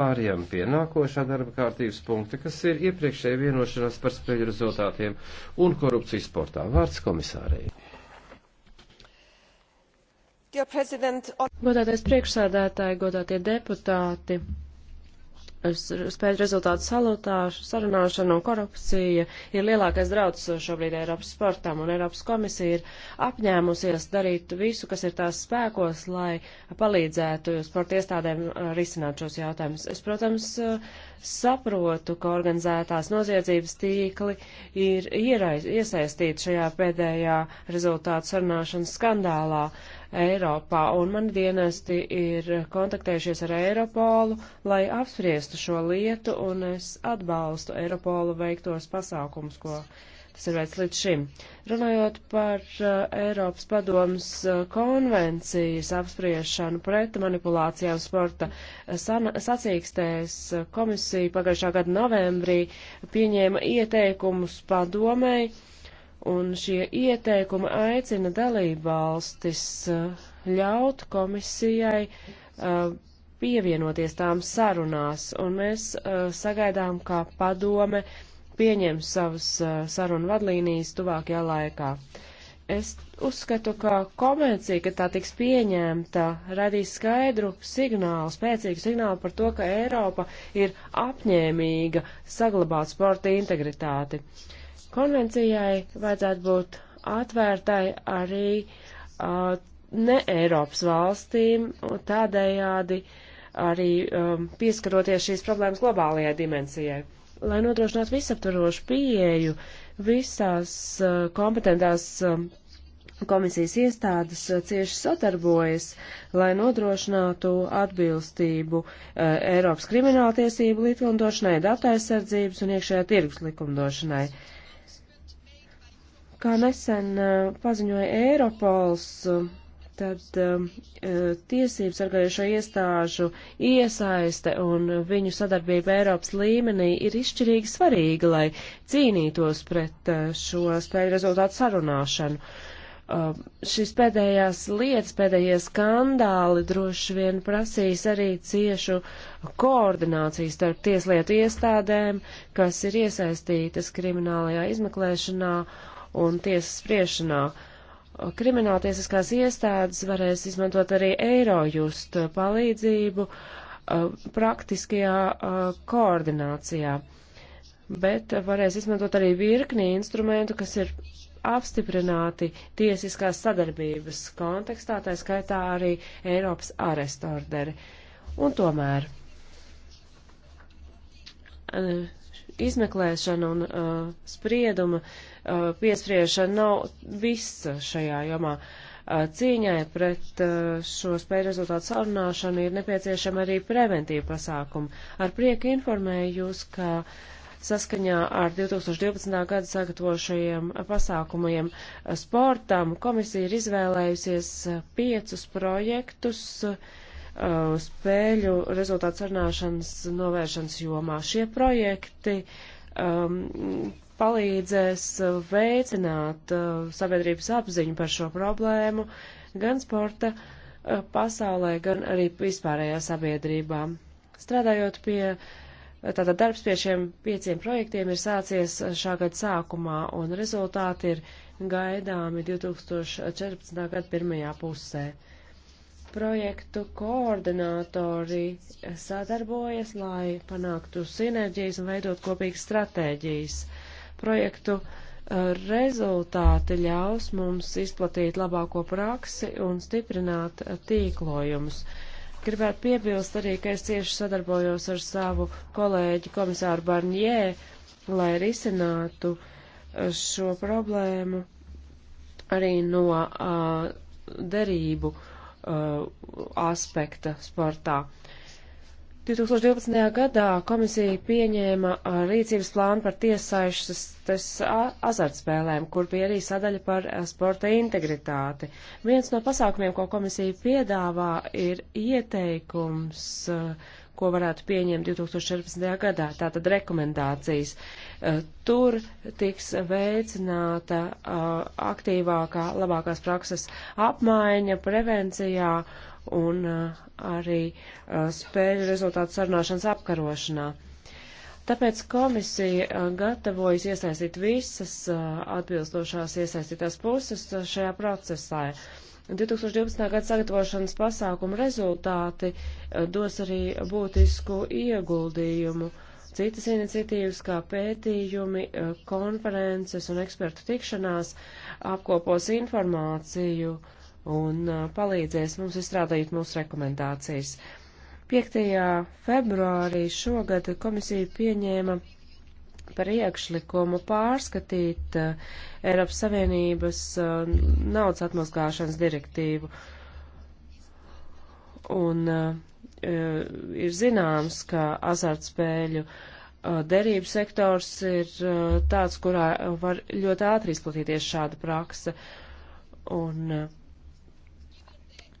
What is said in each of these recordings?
Pāriem pie nākošā darba kārtības punkta, kas ir iepriekšēja vienošanās par spēļu rezultātiem un korupciju sportā. Vārds komisārei. Godātais priekšsēdētāji, godātie deputāti, spēļu rezultātu salūtāšu, sarunāšana un korupcija ir lielākais draudz šobrīd Eiropas sportam, un Eiropas komisija ir apņēmusies darīt visu, kas ir tās spēkos, lai palīdzētu sporta iestādēm uh, risināt šos jautājumus. Es, protams, uh, saprotu, ka organizētās noziedzības tīkli ir iesaistīti šajā pēdējā rezultātu sarunāšanas skandālā. Uh, Eiropā, un mani dienesti ir kontaktējušies ar Eiropolu, lai apspriestu šo lietu, un es atbalstu Eiropolu veiktos pasākums, ko tas ir veids līdz šim. Runājot par uh, Eiropas padomas uh, konvencijas apspriešanu pret manipulācijām sporta uh, sacīkstēs, uh, komisija pagājušā gada novembrī pieņēma ieteikumus padomēji, Un šie ieteikumi aicina dalībvalstis eh, ļaut komisijai eh, pievienoties tām sarunās, un mēs eh, sagaidām, ka padome pieņems savas sarunu vadlīnijas tuvākajā laikā. Es uzskatu, ka konvencija, ka tā tiks pieņemta, radīs skaidru signālu, spēcīgu signālu par to, ka Eiropa ir apņēmīga saglabāt sporta integritāti. Uh, Konvencijai vajadzētu būt atvērtai arī uh, ne Eiropas valstīm, tādējādi arī um, pieskaroties šīs problēmas globālajai dimensijai. Lai nodrošinātu visaptvarošu pieeju, visās uh, kompetentās um, komisijas iestādes cieši sadarbojas, lai nodrošinātu atbilstību uh, Eiropas krimināltiesību likumdošanai, datu aizsardzības un iekšējā tirgus likumdošanai. Uh, Kā nesen paziņoja Eiropols, tad uh, tiesības sargājušo iestāžu iesaiste un viņu sadarbība Eiropas līmenī ir izšķirīgi svarīga, lai cīnītos pret uh, šo spēļu rezultātu sarunāšanu. Uh, šis pēdējās lietas, pēdējie skandāli droši vien prasīs arī ciešu koordināciju starp tieslietu iestādēm, kas ir iesaistītas kriminālajā izmeklēšanā un tiesas spriešanā. Krimināltiesiskās iestādes varēs izmantot arī Eirojust palīdzību praktiskajā koordinācijā, bet varēs izmantot arī virkni instrumentu, kas ir apstiprināti tiesiskās sadarbības kontekstā, tā skaitā arī Eiropas arestorderi. Un tomēr izmeklēšana un uh, sprieduma Uh, piespriešana nav viss šajā jomā. Uh, cīņai pret uh, šo spēju rezultātu sarunāšanu ir nepieciešama arī preventīva pasākuma. Ar prieku informēju jūs, ka saskaņā ar 2012. gada sagatavošajiem pasākumiem sportam komisija ir izvēlējusies piecus projektus spēļu rezultātu sarunāšanas novēršanas jomā. Šie projekti um, palīdzēs uh, veicināt uh, sabiedrības apziņu par šo problēmu gan sporta uh, pasaulē, gan arī vispārējā sabiedrībā. Strādājot pie, tātad darbs pie šiem pieciem projektiem ir sācies šā gada sākumā, un rezultāti ir gaidāmi 2014. gada pirmajā pusē. Projektu koordinātori sadarbojas, lai panāktu sinerģijas un veidot kopīgas stratēģijas projektu eh, rezultāti ļaus mums izplatīt labāko praksi un stiprināt eh, tīklojumus. Gribētu piebilst arī, ka es cieši sadarbojos ar savu kolēģi komisāru Barnjē, lai risinātu eh, šo problēmu arī no uh, derību uh, aspekta sportā. Uh, 2012. gadā komisija pieņēma rīcības plānu par tiesaišas azartspēlēm, kur bija arī sadaļa par sporta integritāti. Viens no pasākumiem, ko komisija piedāvā, ir ieteikums, ko varētu pieņemt 2014. gadā, tātad rekomendācijas. Tur tiks veicināta aktīvākā, labākās prakses apmaiņa prevencijā un uh, arī uh, spēļu rezultātu sarunāšanas apkarošanā. Tāpēc komisija uh, gatavojas iesaistīt visas atbilstošās iesaistītās puses šajā procesā. 2012. gada sagatavošanas pasākumu rezultāti dos arī būtisku ieguldījumu. Citas iniciatīvas, kā pētījumi, konferences un ekspertu tikšanās, apkopos informāciju uh, un palīdzēs mums izstrādājot mūsu rekomendācijas. 5. februārī šogad komisija pieņēma par iekšlikumu pārskatīt uh, Eiropas Savienības uh, naudas atmaskāšanas direktīvu. Un uh, ir zināms, ka azartspēļu derību sektors ir tāds, kurā var ļoti ātri izplatīties šāda praksa. Un uh,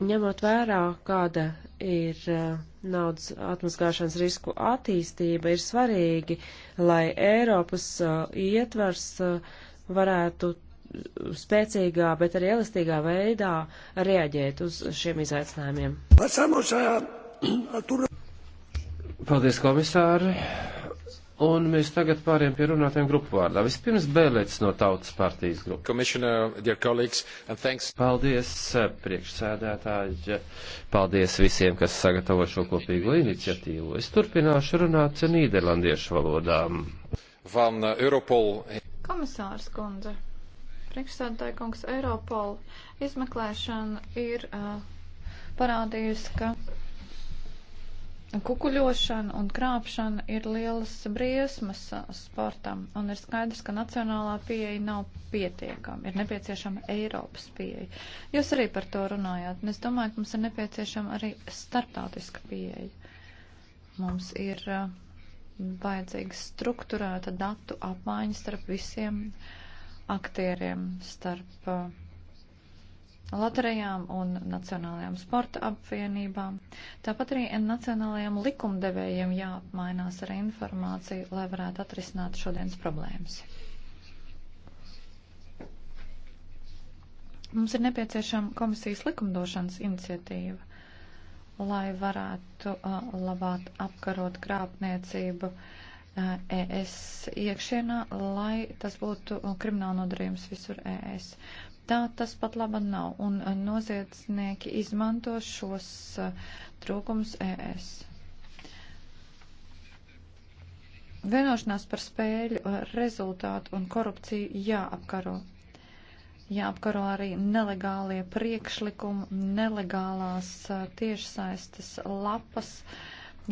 Ņemot vērā, kāda ir eh, naudas atmaskāšanas risku attīstība, ir svarīgi, lai Eiropas eh, ietvars eh, varētu spēcīgā, bet arī elastīgā veidā reaģēt uz šiem izaicinājumiem. Paldies, komisāri! Un mēs tagad pāriem pie runātiem grupu vārdā. Vispirms Bēlēts no Tautas partijas grupas. Paldies, eh, priekšsēdētāji. Paldies visiem, kas sagatavo šo kopīgo iniciatīvu. Es turpināšu runāt nīderlandiešu valodām. Van eh, Europol. Komisārs kundze. Priekšsēdētāji kungs Europol. Izmeklēšana ir uh, parādījusi, ka kukuļošana un krāpšana ir lielas briesmas sportam, un ir skaidrs, ka nacionālā pieeja nav pietiekama, ir nepieciešama Eiropas pieeja. Jūs arī par to runājāt, un es domāju, ka mums ir nepieciešama arī starptautiska pieeja. Mums ir vajadzīga struktūrēta datu apmaiņa starp visiem aktieriem, starp uh, loterijām un nacionālajām sporta apvienībām. Tāpat arī nacionālajiem likumdevējiem jāapmainās ar informāciju, lai varētu atrisināt šodienas problēmas. Mums ir nepieciešama komisijas likumdošanas iniciatīva, lai varētu uh, labāk apkarot krāpniecību uh, ES iekšienā, lai tas būtu uh, krimināla nodarījums visur ES. Uh, Tā tas pat laba nav, un eh, noziedznieki izmanto šos eh, trūkums ES. Vienošanās par spēļu eh, rezultātu un korupciju jāapkaro. Jāapkaro arī nelegālie priekšlikumi, nelegālās tiešsaistes lapas,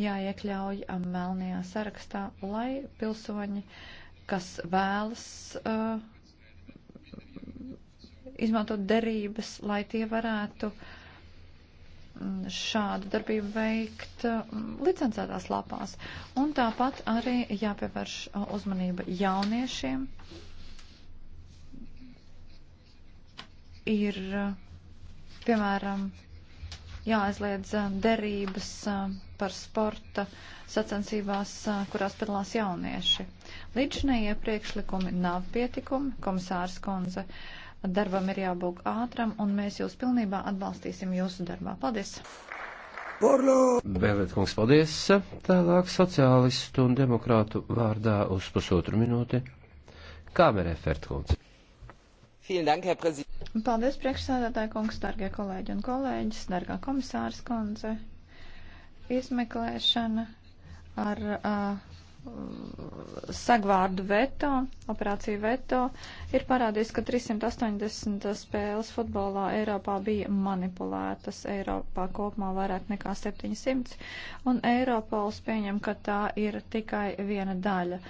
jāiekļauj melnajā sarakstā, lai pilsoņi, kas vēlas uh, izmantot derības, lai tie varētu mm, šādu darbību veikt mm, licencētās lapās. Un tāpat arī jāpievērš uzmanība jauniešiem. Ir, piemēram, jāaizliedz derības par sporta sacensībās, kurās piedalās jaunieši. Līdzinējie priekšlikumi nav pietikumi, komisārs Konze. Uh, Darbam ir jābūt ātram, un mēs jūs pilnībā atbalstīsim jūsu darbā. Paldies! Bēlēt kungs, paldies! Tālāk sociālistu un demokrātu vārdā uz pusotru minūti. Kāmerē Fertkungs. Paldies, priekšsēdētāji kungs, dargie kolēģi un kolēģis, dargā komisārs kundze. Izmeklēšana ar. Uh, sagvārdu veto, operāciju veto, ir parādījis, ka 380 spēles futbolā Eiropā bija manipulētas, Eiropā kopumā vairāk nekā 700, un Eiropols pieņem, ka tā ir tikai viena daļa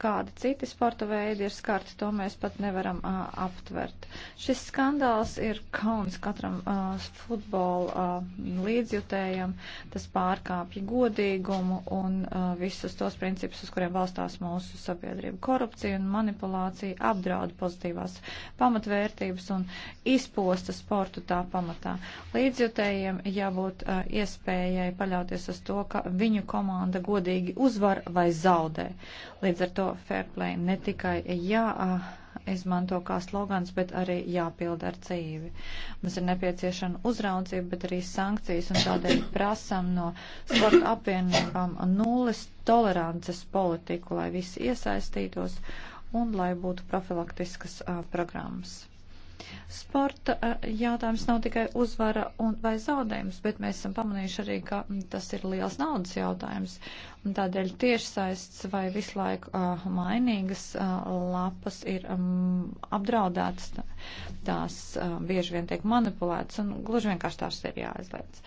kādi citi sporta veidi ir skarti, to mēs pat nevaram uh, aptvert. Šis skandāls ir kauns katram uh, futbola uh, līdzjutējam, tas pārkāpja godīgumu un uh, visus tos principus, uz kuriem balstās mūsu sabiedrība. Korupcija un manipulācija apdraud pozitīvās pamatvērtības un izposta sportu tā pamatā. Līdzjutējiem jābūt uh, iespējai paļauties uz to, ka viņu komanda godīgi uzvar vai zaudē Līdz ar to fair play ne tikai jāizmanto kā slogans, bet arī jāpilda ar dzīvi. Mums ir nepieciešama uzraudzība, bet arī sankcijas, un tādēļ prasam no sporta apvienībām nulles tolerances politiku, lai visi iesaistītos un lai būtu profilaktiskas uh, programmas. Sporta eh, jautājums nav tikai uzvara un vai zaudējums, bet mēs esam pamanījuši arī, ka mm, tas ir liels naudas jautājums. Un tādēļ tiešsaists vai visu laiku uh, mainīgas uh, lapas ir um, apdraudētas, tās uh, bieži vien tiek manipulētas un gluži vienkārši tās ir jāizliedz.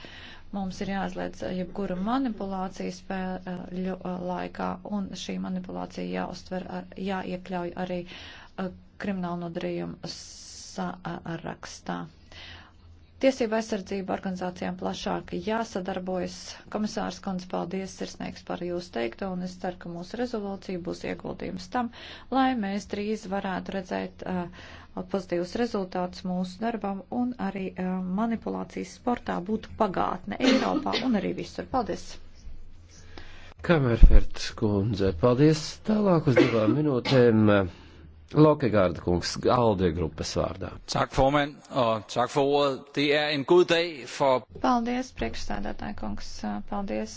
Mums ir jāizliedz jebkura manipulācija spēļu uh, laikā un šī manipulācija jāuztver, ar, jāiekļauj arī uh, kriminālu nodarījumu sarakstā. Tiesība aizsardzība organizācijām plašāk jāsadarbojas. Komisārs Kons, paldies sirsnīgs par jūsu teikto, un es ceru, ka mūsu rezolūcija būs ieguldījums tam, lai mēs drīz varētu redzēt uh, pozitīvus rezultātus mūsu darbam, un arī uh, manipulācijas sportā būtu pagātne Eiropā un arī visur. Paldies! Kamerferts kundze, paldies! Tālāk uz divām minūtēm. Lokkegaard kungs, Alde grupas vārdā. Tak, formand, og tak for ordet. Det er en god dag for... Paldies, priekšstādātāji kungs. Paldies,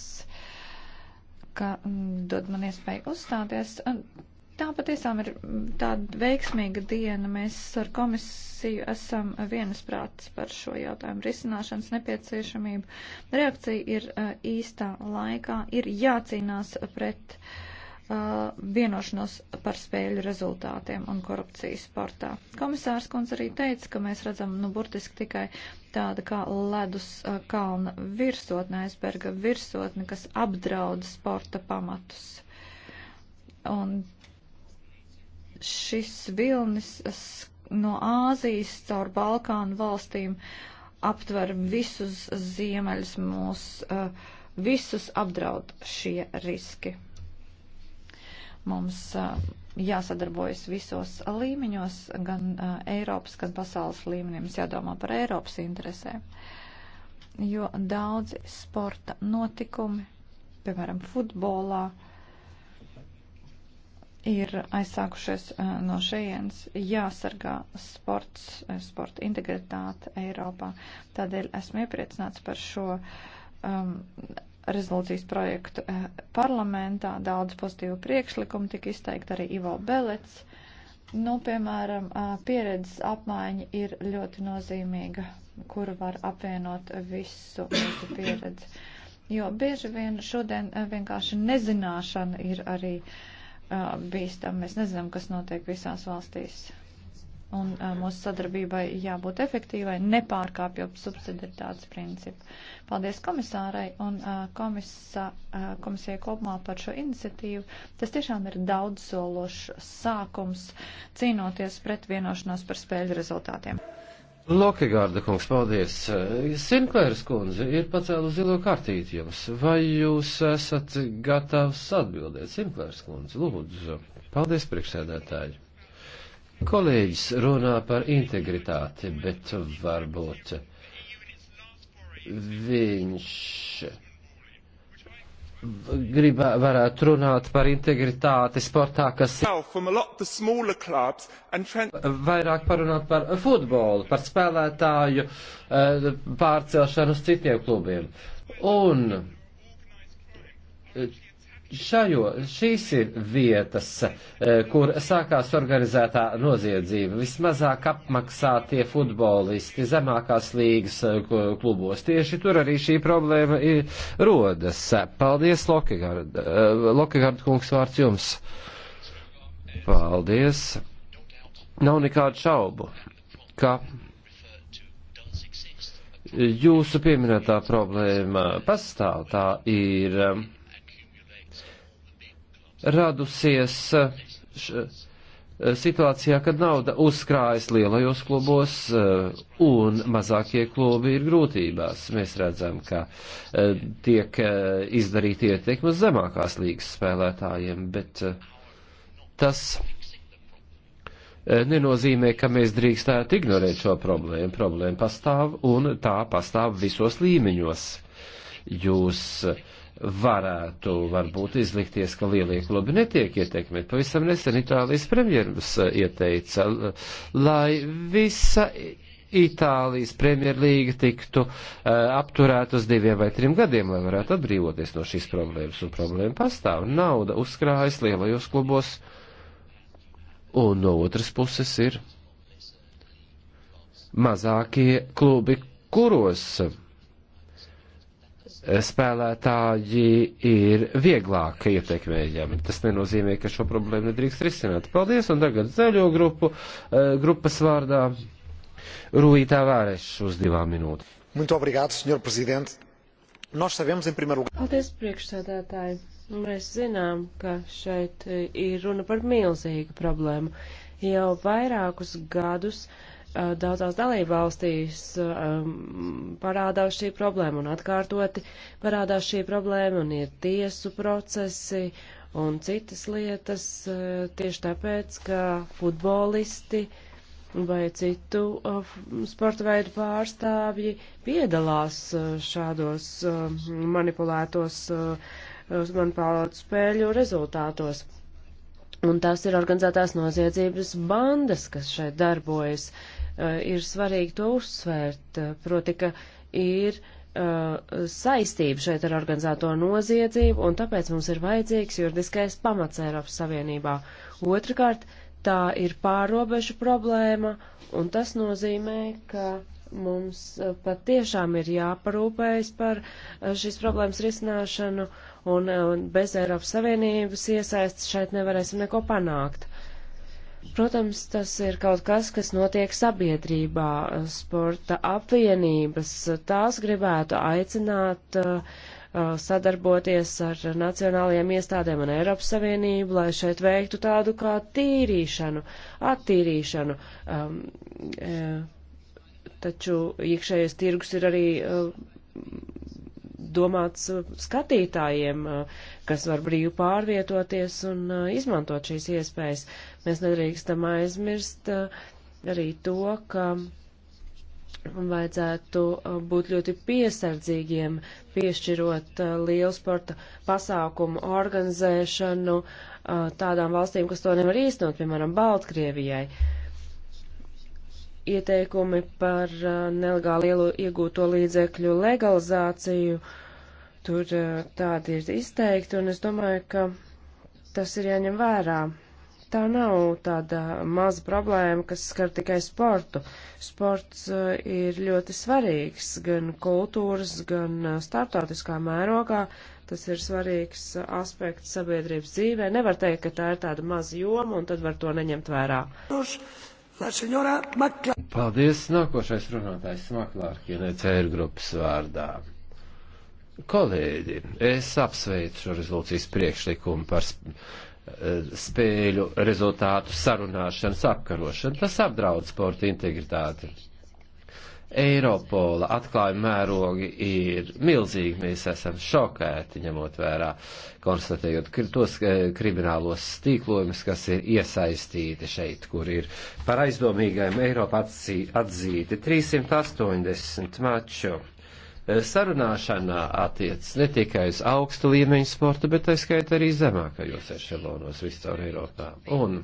ka mm, dod man iespēju uzstāties. Tā patiesām ir mm, tāda veiksmīga diena. Mēs ar komisiju esam vienasprātis par šo jautājumu risināšanas nepieciešamību. Reakcija ir īstā laikā, ir jācīnās pret. Uh, Uh, vienošanos par spēļu rezultātiem un korupciju sportā. Komisārs Kunz arī teica, ka mēs redzam, nu, burtiski tikai tāda kā ledus uh, kalna virsotne, aizberga virsotne, kas apdraud sporta pamatus. Un šis vilnis no Āzijas caur Balkānu valstīm aptver visus ziemeļus mūs, uh, visus apdraud šie riski. Mums jāsadarbojas visos līmeņos, gan Eiropas, gan pasaules līmenī. Mums jādomā par Eiropas interesēm, jo daudzi sporta notikumi, piemēram, futbolā, ir aizsākušies no šejienes jāsargā sports, sporta integritāte Eiropā. Tādēļ esmu iepriecināts par šo um, rezolūcijas projektu eh, parlamentā. Daudz pozitīvu priekšlikumu tika izteikt arī Ivo Belets. Nu, piemēram, eh, pieredzes apmaiņa ir ļoti nozīmīga, kuru var apvienot visu mūsu pieredzi. Jo bieži vien šodien eh, vienkārši nezināšana ir arī bīstama. Mēs nezinām, kas notiek visās valstīs un uh, mūsu sadarbībai jābūt efektīvai, nepārkāpjot subsidiaritātes principu. Paldies komisārai un uh, komisa, uh, komisijai kopumā par šo iniciatīvu. Tas tiešām ir daudzsološs sākums cīnoties pret vienošanos par spēļu rezultātiem. Lokigārda kungs, paldies. Sinklēras kundze ir pacēlu zilo kartīti jums. Vai jūs esat gatavs atbildēt? Sinklēras kundze, lūdzu. Paldies, priekšsēdētāji. Kolēģis runā par integritāti, bet varbūt viņš grib, varētu runāt par integritāti sportā, kas vairāk parunāt par futbolu, par spēlētāju eh, pārcelšanu uz citiem klubiem. Un eh, Šajo, šīs ir vietas, eh, kur sākās organizētā noziedzība. Vismazāk apmaksātie futbolisti zemākās līgas eh, klubos. Tieši tur arī šī problēma ir, rodas. Paldies, Lokigard. Eh, Lokigard kungs, vārds jums. Paldies. Nav nekādu šaubu, ka jūsu pieminētā problēma pastāv. Tā ir radusies eh, š, eh, situācijā, kad nauda uzkrājas lielajos klubos eh, un mazākie klubi ir grūtībās. Mēs redzam, ka tiek izdarīti ietekmi uz zemākās līgas spēlētājiem, bet tas nenozīmē, ka mēs drīkstētu ignorēt šo problēmu. Problēma pastāv un tā pastāv visos līmeņos. Jūs uh, varētu varbūt izlikties, ka lielie klubi netiek ietekmēti. Pavisam nesen Itālijas premjerums eh, ieteica, lai visa Itālijas premjerlīga tiktu uh, apturēta uz diviem vai trim gadiem, lai varētu atbrīvoties no šīs problēmas. Un problēma pastāv. Nauda uzkrājas lielajos klubos, un no otras puses ir mazākie klubi, kuros. Uh, spēlētāji ir vieglāk ietekmējami. Tas nenozīmē, ka šo problēmu nedrīkst risināt. Paldies, un tagad zaļo grupu, eh, grupas vārdā Rūītā Vārešs uz divām minūtēm. Muito obrigado, senhor presidente. Nós sabemos, em primeiro lugar. Paldies, priekšsēdētāji. Mēs zinām, ka šeit ir runa par milzīgu problēmu. Jau vairākus gadus uh, daudzās dalībvalstīs parādās šī problēma un atkārtoti parādās šī problēma un ir tiesu procesi un citas lietas tieši tāpēc, ka futbolisti vai citu sporta veidu pārstāvji piedalās šādos manipulētos manipulētu spēļu rezultātos. Un tās ir organizētās noziedzības bandas, kas šeit darbojas. Uh, Eh, ir svarīgi to uzsvērt, eh, proti, ka ir eh, saistība šeit ar organizēto noziedzību, un tāpēc mums ir vajadzīgs juridiskais pamats Eiropas Savienībā. Otrakārt, tā ir pārobežu problēma, un tas nozīmē, ka mums patiešām ir jāparūpējas par šīs problēmas risināšanu, un bez Eiropas Savienības iesaists šeit nevarēsim neko panākt. Protams, tas ir kaut kas, kas notiek sabiedrībā. Sporta apvienības tās gribētu aicināt uh, uh, sadarboties ar nacionālajiem iestādēm un Eiropas Savienību, lai šeit veiktu tādu kā tīrīšanu, attīrīšanu. Um, e, taču iekšējais tirgus ir arī uh, domāts uh, skatītājiem, uh, kas var brīvi pārvietoties un uh, izmantot šīs iespējas. Mēs nedrīkstam aizmirst arī to, ka vajadzētu būt ļoti piesardzīgiem, piešķirot lielu sporta pasākumu organizēšanu tādām valstīm, kas to nevar īstenot, piemēram, Baltkrievijai ieteikumi par nelegāli iegūto līdzekļu legalizāciju Tur eh, tādi ir izteikti, un es domāju, ka tas ir jāņem vērā. Tā nav tāda maza problēma, kas skar tikai sportu. Sports eh, ir ļoti svarīgs gan kultūras, gan eh, startautiskā mērogā. Tas ir svarīgs aspekts sabiedrības dzīvē. Nevar teikt, ka tā ir tāda maza joma, un tad var to neņemt vērā. Paldies! Nākošais runātājs Maklārkienē cēru grupas vārdā. Kolēģi, es apsveicu šo rezolūcijas priekšlikumu par eh, spēļu rezultātu sarunāšanas apkarošanu. Tas apdraud sporta integritāti. Eiropola atklājuma mērogi ir milzīgi, mēs esam šokēti, ņemot vērā, konstatējot tos eh, kriminālos stīklojumus, kas ir iesaistīti šeit, kur ir par aizdomīgajiem Eiropā atzīti 380 maču sarunāšanā attiec ne tikai uz augstu līmeņu sporta, bet aizskaita arī zemākajos ešelonos viscaur Eiropā. Un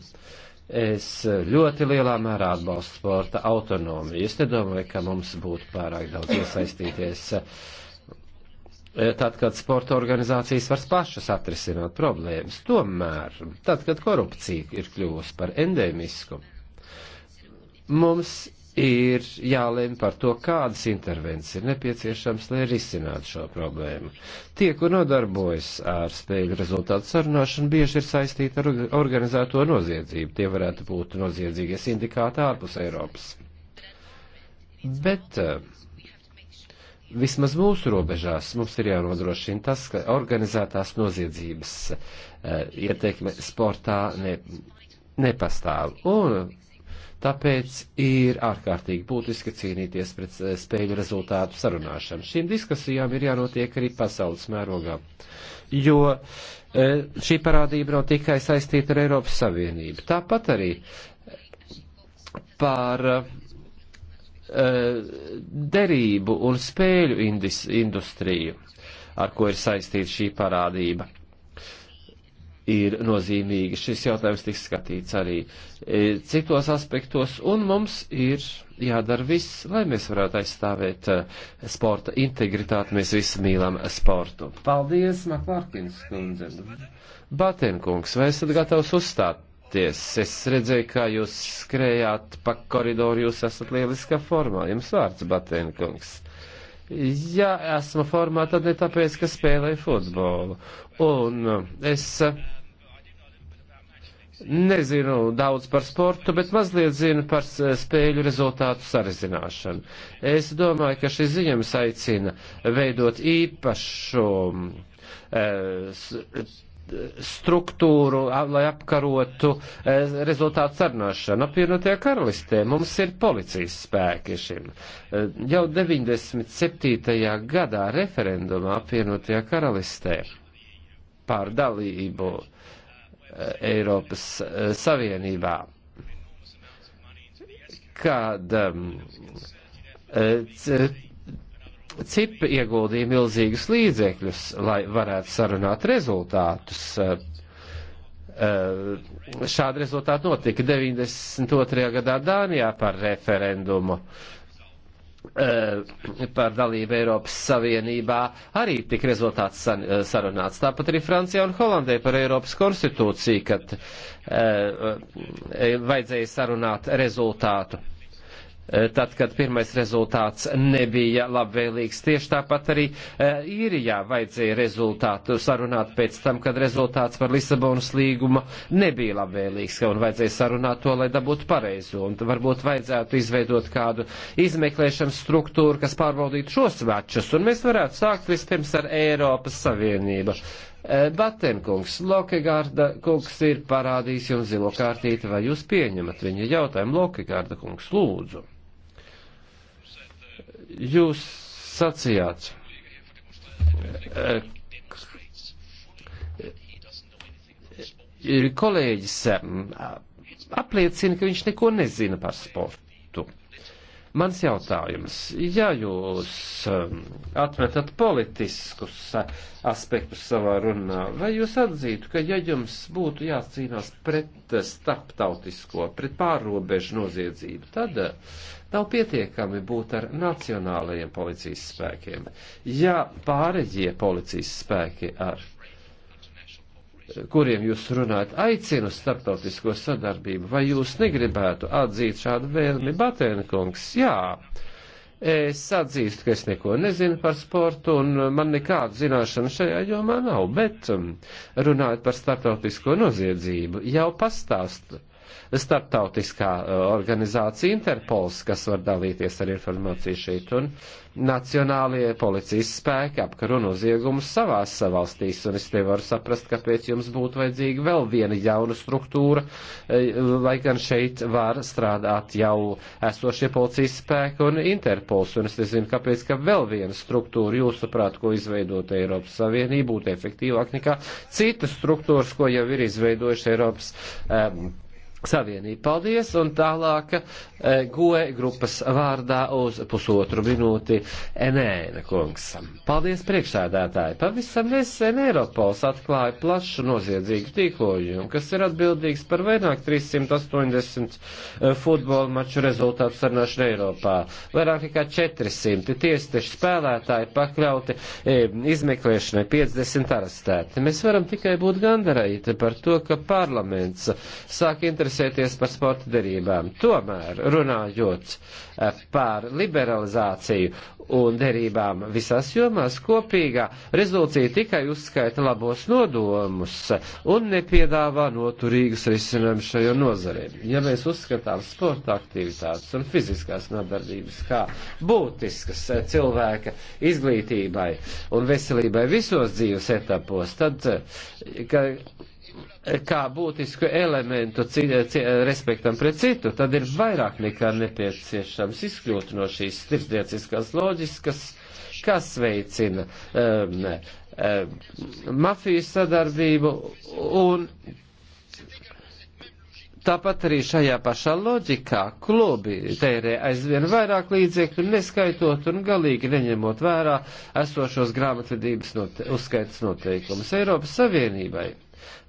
es ļoti lielā mērā atbalstu sporta autonomiju. Es nedomāju, ka mums būtu pārāk daudz iesaistīties eh, tad, kad sporta organizācijas var pašas atrisināt problēmas. Tomēr, tad, kad korupcija ir kļuvusi par endēmisku, mums ir jālem par to, kādas intervences ir nepieciešams, lai risinātu šo problēmu. Tie, kur nodarbojas ar spēļu rezultātu sarunāšanu, bieži ir saistīti ar organizēto noziedzību. Tie varētu būt noziedzīgie sindikāti ārpus Eiropas. Bet eh, vismaz mūsu robežās mums ir jānodrošina tas, ka organizētās noziedzības uh, ietekme sportā ne, nepastāv. Un Tāpēc ir ārkārtīgi būtiski cīnīties pret eh, spēļu rezultātu sarunāšanu. Šīm diskusijām ir jānotiek arī pasaules mērogā, jo eh, šī parādība nav tikai saistīta ar Eiropas Savienību. Tāpat arī eh, par derību un spēļu industriju, ar ko ir saistīta šī parādība ir nozīmīgi. Šis jautājums tiks skatīts arī e, citos aspektos, un mums ir jādara viss, lai mēs varētu aizstāvēt e, sporta integritāti. Mēs visi mīlam sportu. Paldies, Maklārkins kundze. Batenkungs, vai esat gatavs uzstāties? Es redzēju, kā jūs skrējāt pa koridoru, jūs esat lieliskā formā. Jums vārds, Batenkungs. Ja esmu formā, tad ne tāpēc, ka spēlēju futbolu. Un es nezinu daudz par sportu, bet mazliet zinu par spēļu rezultātu sarizināšanu. Es domāju, ka šis ziņojums aicina veidot īpašu. Eh, struktūru, lai apkarotu e, rezultātu sarunāšanu. Apvienotajā karalistē mums ir policijas spēki šim. E, jau 97. gadā referendumā apvienotajā karalistē par dalību e, Eiropas Savienībā, kad um, Cipa ieguldīja milzīgus līdzekļus, lai varētu sarunāt rezultātus. Eh, šādi rezultāti notika 92. gadā Dānijā par referendumu eh, par dalību Eiropas Savienībā arī tik rezultāts eh, sarunāts. Tāpat arī Francijā un Holandē par Eiropas konstitūciju, kad vajadzēja sarunāt rezultātu Eh, tad, kad pirmais rezultāts nebija labvēlīgs. Tieši tāpat arī eh, īrijā vajadzēja rezultātu sarunāt pēc tam, kad rezultāts par Lisabonas līguma nebija labvēlīgs, un vajadzēja sarunāt to, lai dabūtu pareizo. Un varbūt vajadzētu izveidot kādu izmeklēšanas struktūru, kas pārbaudītu šos večus, un mēs varētu sākt vispirms ar Eiropas Savienību. Eh, Batenkungs, Lokegārda kungs ir parādījis jums zilo kārtīti, vai jūs pieņemat viņa jautājumu, Lokegārda kungs, lūdzu. Jūs sacījāt, eh, kolēģis eh, apliecina, ka viņš neko nezina par sportu. Mans jautājums, ja jūs eh, atmetat politiskus aspektus savā runā, vai jūs atzītu, ka ja jums būtu jācīnās pret starptautisko, pret pārrobežu noziedzību, tad Nav pietiekami būt ar nacionālajiem policijas spēkiem. Ja pārējie policijas spēki ar kuriem jūs runājat, aicinu starptautisko sadarbību, vai jūs negribētu atzīt šādu vēlmi, Batēnkungs? Jā, es atzīstu, ka es neko nezinu par sportu, un man nekādu zināšanu šajā jomā nav, bet um, runājot par starptautisko noziedzību, jau pastāstu starptautiskā eh, organizācija Interpols, kas var dalīties ar informāciju šeit, un nacionālie policijas spēki apkaro noziegumus savās valstīs, un es te varu saprast, kāpēc jums būtu vajadzīga vēl viena jauna struktūra, eh, lai gan šeit var strādāt jau esošie policijas spēki un Interpols, un es nezinu, kāpēc, ka vēl viena struktūra, jūsuprāt, ko izveidot Eiropas Savienība, būtu efektīvāk nekā citas struktūras, ko jau ir izveidojuši Eiropas um, Savienību. Paldies, un tālāk eh, e, goe grupas vārdā uz pusotru minūti Enēna kungs. Paldies priekšsēdētāji. Pavisam nesen Eiropols atklāja plašu noziedzīgu tīklojumu, kas ir atbildīgs par vairāk 380 eh, futbola maču rezultātu sarunāšanu Eiropā. Vairāk nekā 400 tiesteši spēlētāji pakļauti e, izmeklēšanai 50 arestēti. Mēs varam tikai būt gandarīti par to, ka parlaments sāk interesēt interesēties par sporta derībām. Tomēr, runājot eh, par liberalizāciju un derībām visās jomās, kopīgā rezolūcija tikai uzskaita labos nodomus un nepiedāvā noturīgus risinājumus šajā nozarē. Ja mēs uzskatām sporta aktivitātes un fiziskās nodarbības kā būtiskas eh, cilvēka izglītībai un veselībai visos dzīves etapos, tad, eh, ka, kā būtisku elementu ci, ci, respektam pret citu, tad ir vairāk nekā nepieciešams izkļūt no šīs tirdzniecības loģiskas, kas veicina um, um, mafijas sadarbību un Tāpat arī šajā pašā loģikā klubi tērē aizvien vairāk līdzekļu, neskaitot un galīgi neņemot vērā esošos grāmatvedības note uzskaitas noteikumus Eiropas Savienībai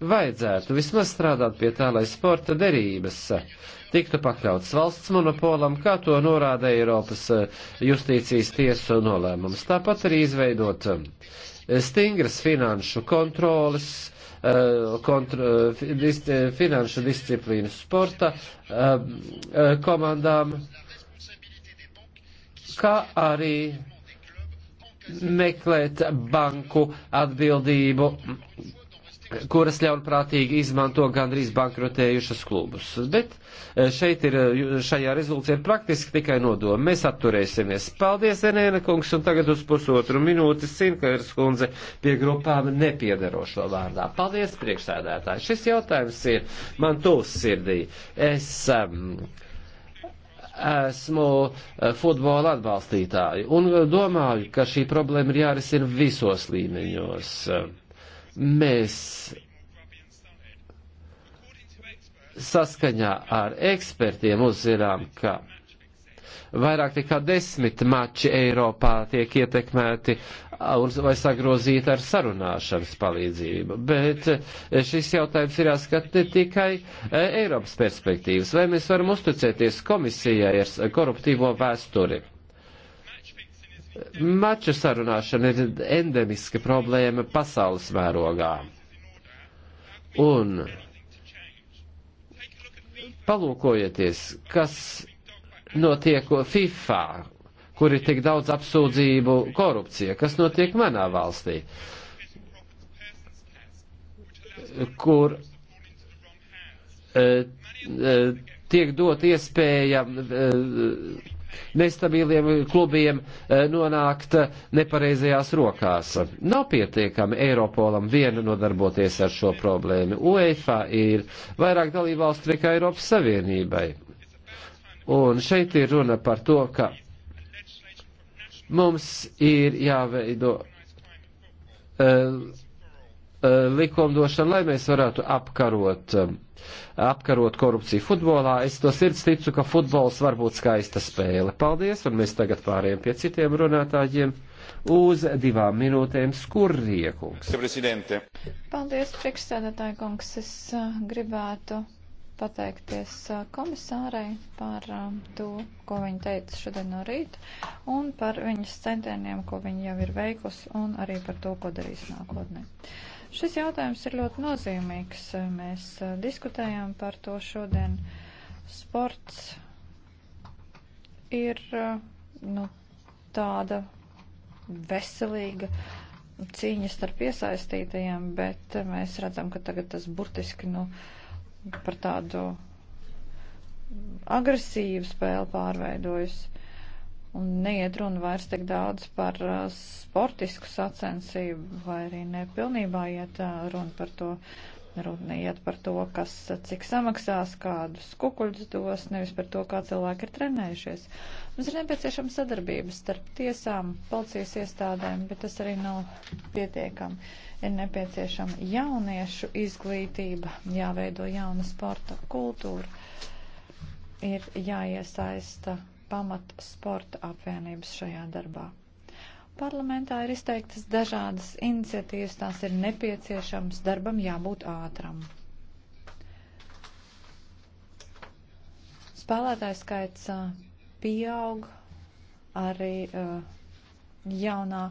Vajadzētu vismaz strādāt pie tā, lai sporta derības tiktu pakļauts valsts monopolam, kā to norāda Eiropas eh, justīcijas tiesu nolēmums. Tāpat arī izveidot eh, stingras finanšu kontroles, eh, kontro, dis, finanšu disciplīnu sporta komandām, kā arī meklēt banku atbildību kuras ļaunprātīgi izmanto gandrīz bankrotējušas klubus. Bet eh, šeit ir, eh, šajā rezolūcijā ir praktiski tikai nodoma. Mēs atturēsimies. Paldies, Enēna kungs, un tagad uz pusotru minūti Sinkairs kundze pie grupām nepiedarošo vārdā. Paldies, priekšsēdētāji. Šis jautājums ir man tuvs sirdī. Es, um, esmu eh, futbola atbalstītāji un domāju, ka šī problēma ir jārisina visos līmeņos. Um, Mēs saskaņā ar ekspertiem uzzinām, ka vairāk nekā desmit mači Eiropā tiek ietekmēti vai sagrozīti ar sarunāšanas palīdzību. Bet šis jautājums ir jāskat ne tikai e, Eiropas perspektīvas, vai mēs varam uzticēties komisijai ar koruptīvo vēsturi. Maču sarunāšana ir endemiska problēma pasaules mērogā. Un palūkojieties, kas notiek FIFA, kur ir tik daudz apsūdzību korupcija, kas notiek manā valstī, kur eh, eh, tiek dot iespēja eh, nestabiliem klubiem eh, nonākt eh, nepareizajās rokās. Nav pietiekami Eiropolam viena nodarboties ar šo problēmu. UEFA ir vairāk dalībvalstu nekā Eiropas Savienībai. Un šeit ir runa par to, ka mums ir jāveido uh, Eh, likumdošanu, lai mēs varētu apkarot, eh, apkarot korupciju futbolā. Es to sirds ticu, ka futbols var būt skaista spēle. Paldies, un mēs tagad pāriem pie citiem runātājiem. Uz divām minūtēm skurriekungs. Paldies, priekšsēdētāji kungs. Es eh, gribētu pateikties komisārai par to, ko viņa teica šodien no rīta, un par viņas centieniem, ko viņa jau ir veikusi, un arī par to, ko darīs nākotnē. Uh, Šis jautājums ir ļoti nozīmīgs. Mēs diskutējām par to šodien. Sports ir nu, tāda veselīga cīņa starp piesaistītajiem, bet mēs redzam, ka tagad tas burtiski nu, par tādu agresīvu spēli pārveidojas. Un neiet runa vairs tik daudz par uh, sportisku sacensību, vai arī nepilnībā iet uh, runa par to. Runa iet par to, kas uh, cik samaksās, kādus kukuļus dos, nevis par to, kā cilvēki ir trenējušies. Mums ir nepieciešama sadarbība starp tiesām, policijas iestādēm, bet tas arī nav pietiekami. Ir nepieciešama jauniešu izglītība, jāveido jauna sporta kultūra, ir jāiesaista pamat sporta apvienības šajā darbā. Parlamentā ir izteiktas dažādas iniciatīvas, tās ir nepieciešams, darbam jābūt ātram. Spēlētāju skaits pieaug arī uh, jaunā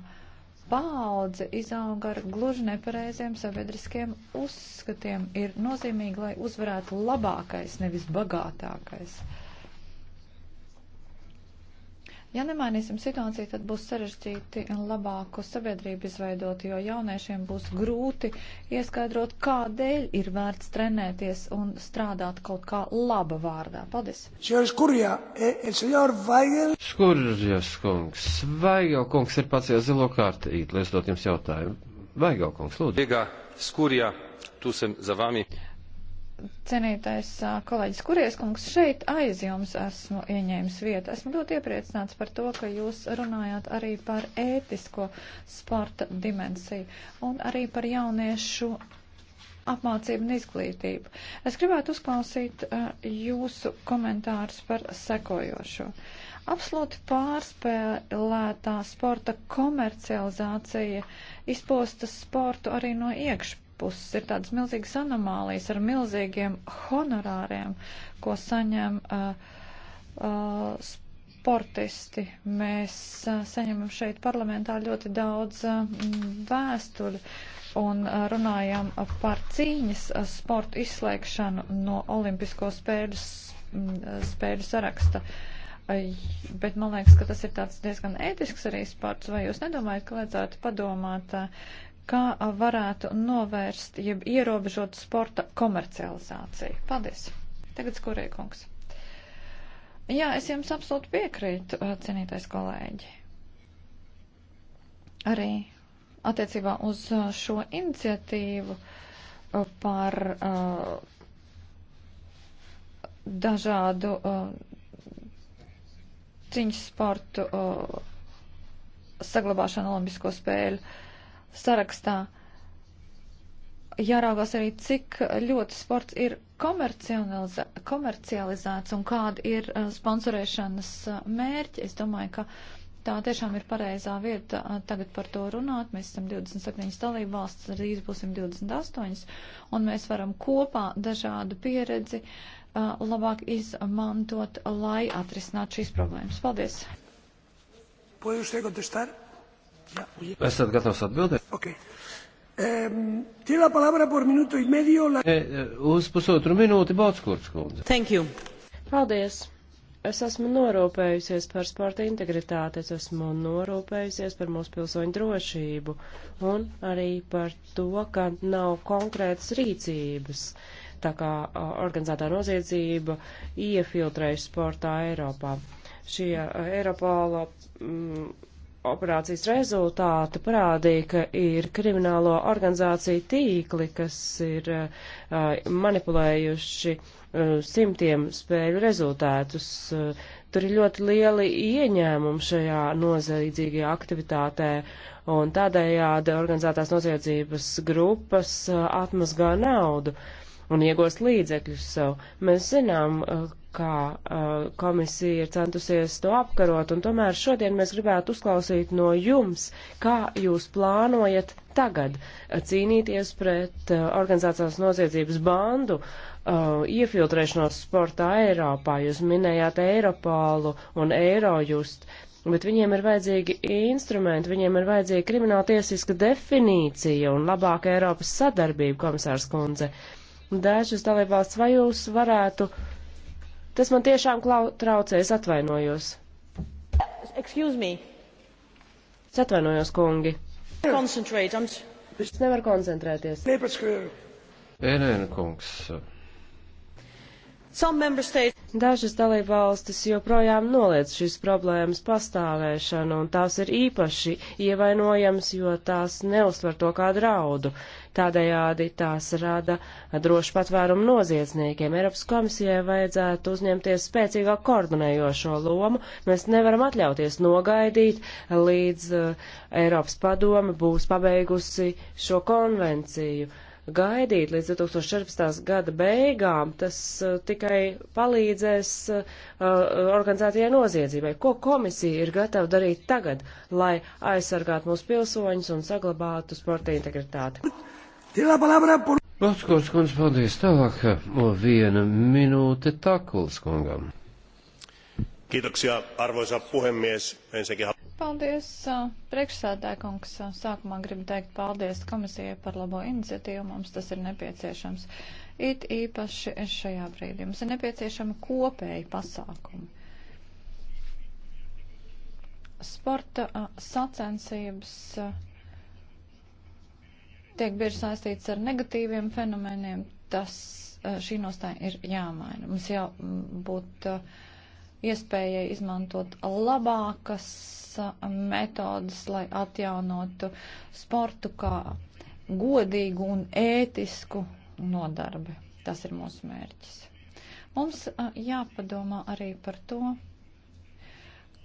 paudze izaug ar gluži nepareiziem sabiedriskiem uzskatiem. Ir nozīmīgi, lai uzvarētu labākais, nevis bagātākais. Uh, Ja nemainīsim situāciju, tad būs sarežģīti labāku sabiedrību izveidot, jo jauniešiem būs grūti ieskaidrot, kādēļ ir vērts trenēties un strādāt kaut kā laba vārdā. Paldies! Eh, Skurģijas kungs, Vaigel kungs ir pats jau zilo kārtīti, lai es dot jums jautājumu. Vaigel kungs, lūdzu. Biegā, skurjā, tu sem za vami. Cenītais kolēģis Kurieskungs, šeit aiz jums esmu ieņēmis vietu. Esmu ļoti iepriecināts par to, ka jūs runājāt arī par ētisko sporta dimensiju un arī par jauniešu apmācību un izglītību. Es gribētu uzklausīt jūsu komentārus par sekojošo. Absolūti pārspēlētā sporta komercializācija izposta sportu arī no iekšpuses puses ir tādas milzīgas anomālijas ar milzīgiem honorāriem, ko saņem uh, uh, sportisti. Mēs uh, saņemam šeit parlamentā ļoti daudz uh, vēstuļu un uh, runājam par cīņas uh, sportu izslēgšanu no Olimpisko spēļu, uh, spēļu saraksta. Uh, bet man liekas, ka tas ir tāds diezgan ētisks arī sports. Vai jūs nedomājat, ka vajadzētu padomāt, uh, kā varētu novērst, jeb ierobežot sporta komercializāciju. Paldies! Tagad skurē kungs. Jā, es jums absolūti piekrītu, cienītais kolēģi. Arī attiecībā uz šo iniciatīvu par uh, dažādu uh, ciņas sportu uh, saglabāšanu Olimpisko spēļu sarakstā. Jāraugās arī, cik ļoti sports ir komercializēts un kāda ir uh, sponsorēšanas uh, mērķi. Es domāju, ka tā tiešām ir pareizā vieta uh, tagad par to runāt. Mēs esam 27 dalību valsts, drīz būsim 28, un mēs varam kopā dažādu pieredzi labāk izmantot, lai atrisinātu šīs problēmas. Paldies! ¿Puede usted contestar? Jā, jā. Esat gatavs atbildēt? Okay. Um, medio, la... E, e, uz pusotru minūti Bautskurts kundze. Thank you. Paldies. Es esmu norūpējusies par sporta integritāti, es esmu norūpējusies par mūsu pilsoņu drošību un arī par to, ka nav konkrētas rīcības. Tā kā organizētā noziedzība iefiltrējusi sportā Eiropā. Šie Eiropāla. Mm, operācijas rezultāti parādīja, ka ir kriminālo organizāciju tīkli, kas ir uh, manipulējuši uh, simtiem spēļu rezultātus. Uh, tur ir ļoti lieli ieņēmumi šajā noziedzīgajā aktivitātē, un tādējādi organizētās noziedzības grupas uh, atmazgā naudu. Uh, un iegūst līdzekļus sev. Mēs zinām, uh, kā uh, komisija ir centusies to apkarot, un tomēr šodien mēs gribētu uzklausīt no jums, kā jūs plānojat tagad uh, cīnīties pret organizācijas noziedzības bandu iefiltrēšanos sportā Eiropā. Jūs minējāt Eiropālu un Eirojust bet viņiem ir vajadzīgi instrumenti, viņiem ir vajadzīga krimināla tiesiska definīcija un labāka Eiropas sadarbība, komisārs kundze. Uh, dažas dalībvalsts, vai jūs varētu. Tas man tiešām klau, traucē, es atvainojos. Excuse me. Es atvainojos, kungi. Concentrate, I'm... Es nevaru koncentrēties. Nē, kungs. Dažas dalībvalstis joprojām noliedz šīs problēmas pastāvēšanu, un tās ir īpaši ievainojamas, jo tās neuztver to kā draudu. Tādējādi tās rada drošu patvērumu noziedzniekiem. Eiropas komisijai vajadzētu uzņemties spēcīgāk koordinējošo lomu. Mēs nevaram atļauties nogaidīt, līdz uh, Eiropas padome būs pabeigusi šo konvenciju. Uh, gaidīt līdz 2014. gada beigām, tas uh, tikai palīdzēs uh, uh, organizētajai noziedzībai. Ko komisija ir gatava darīt tagad, lai aizsargātu mūsu pilsoņus un saglabātu sporta integritāti? Baskos kundze, paldies tālāk. O uh, viena minūte takuls kungam. Kiitoksia, arvoisa puhemies. Ensinnäkin... Paldies, priekšsēdēkungs. Sākumā gribu teikt paldies komisijai par labo iniciatīvu. Mums tas ir nepieciešams. It īpaši šajā brīdī. Mums ir nepieciešama kopēja pasākuma. Sporta sacensības tiek bieži saistīts ar negatīviem fenomeniem. Tas, šī nostāja ir jāmaina. Mums jābūt. Uh, iespējai izmantot labākas metodas, lai atjaunotu sportu kā godīgu un ētisku nodarbi. Tas ir mūsu mērķis. Mums jāpadomā arī par to,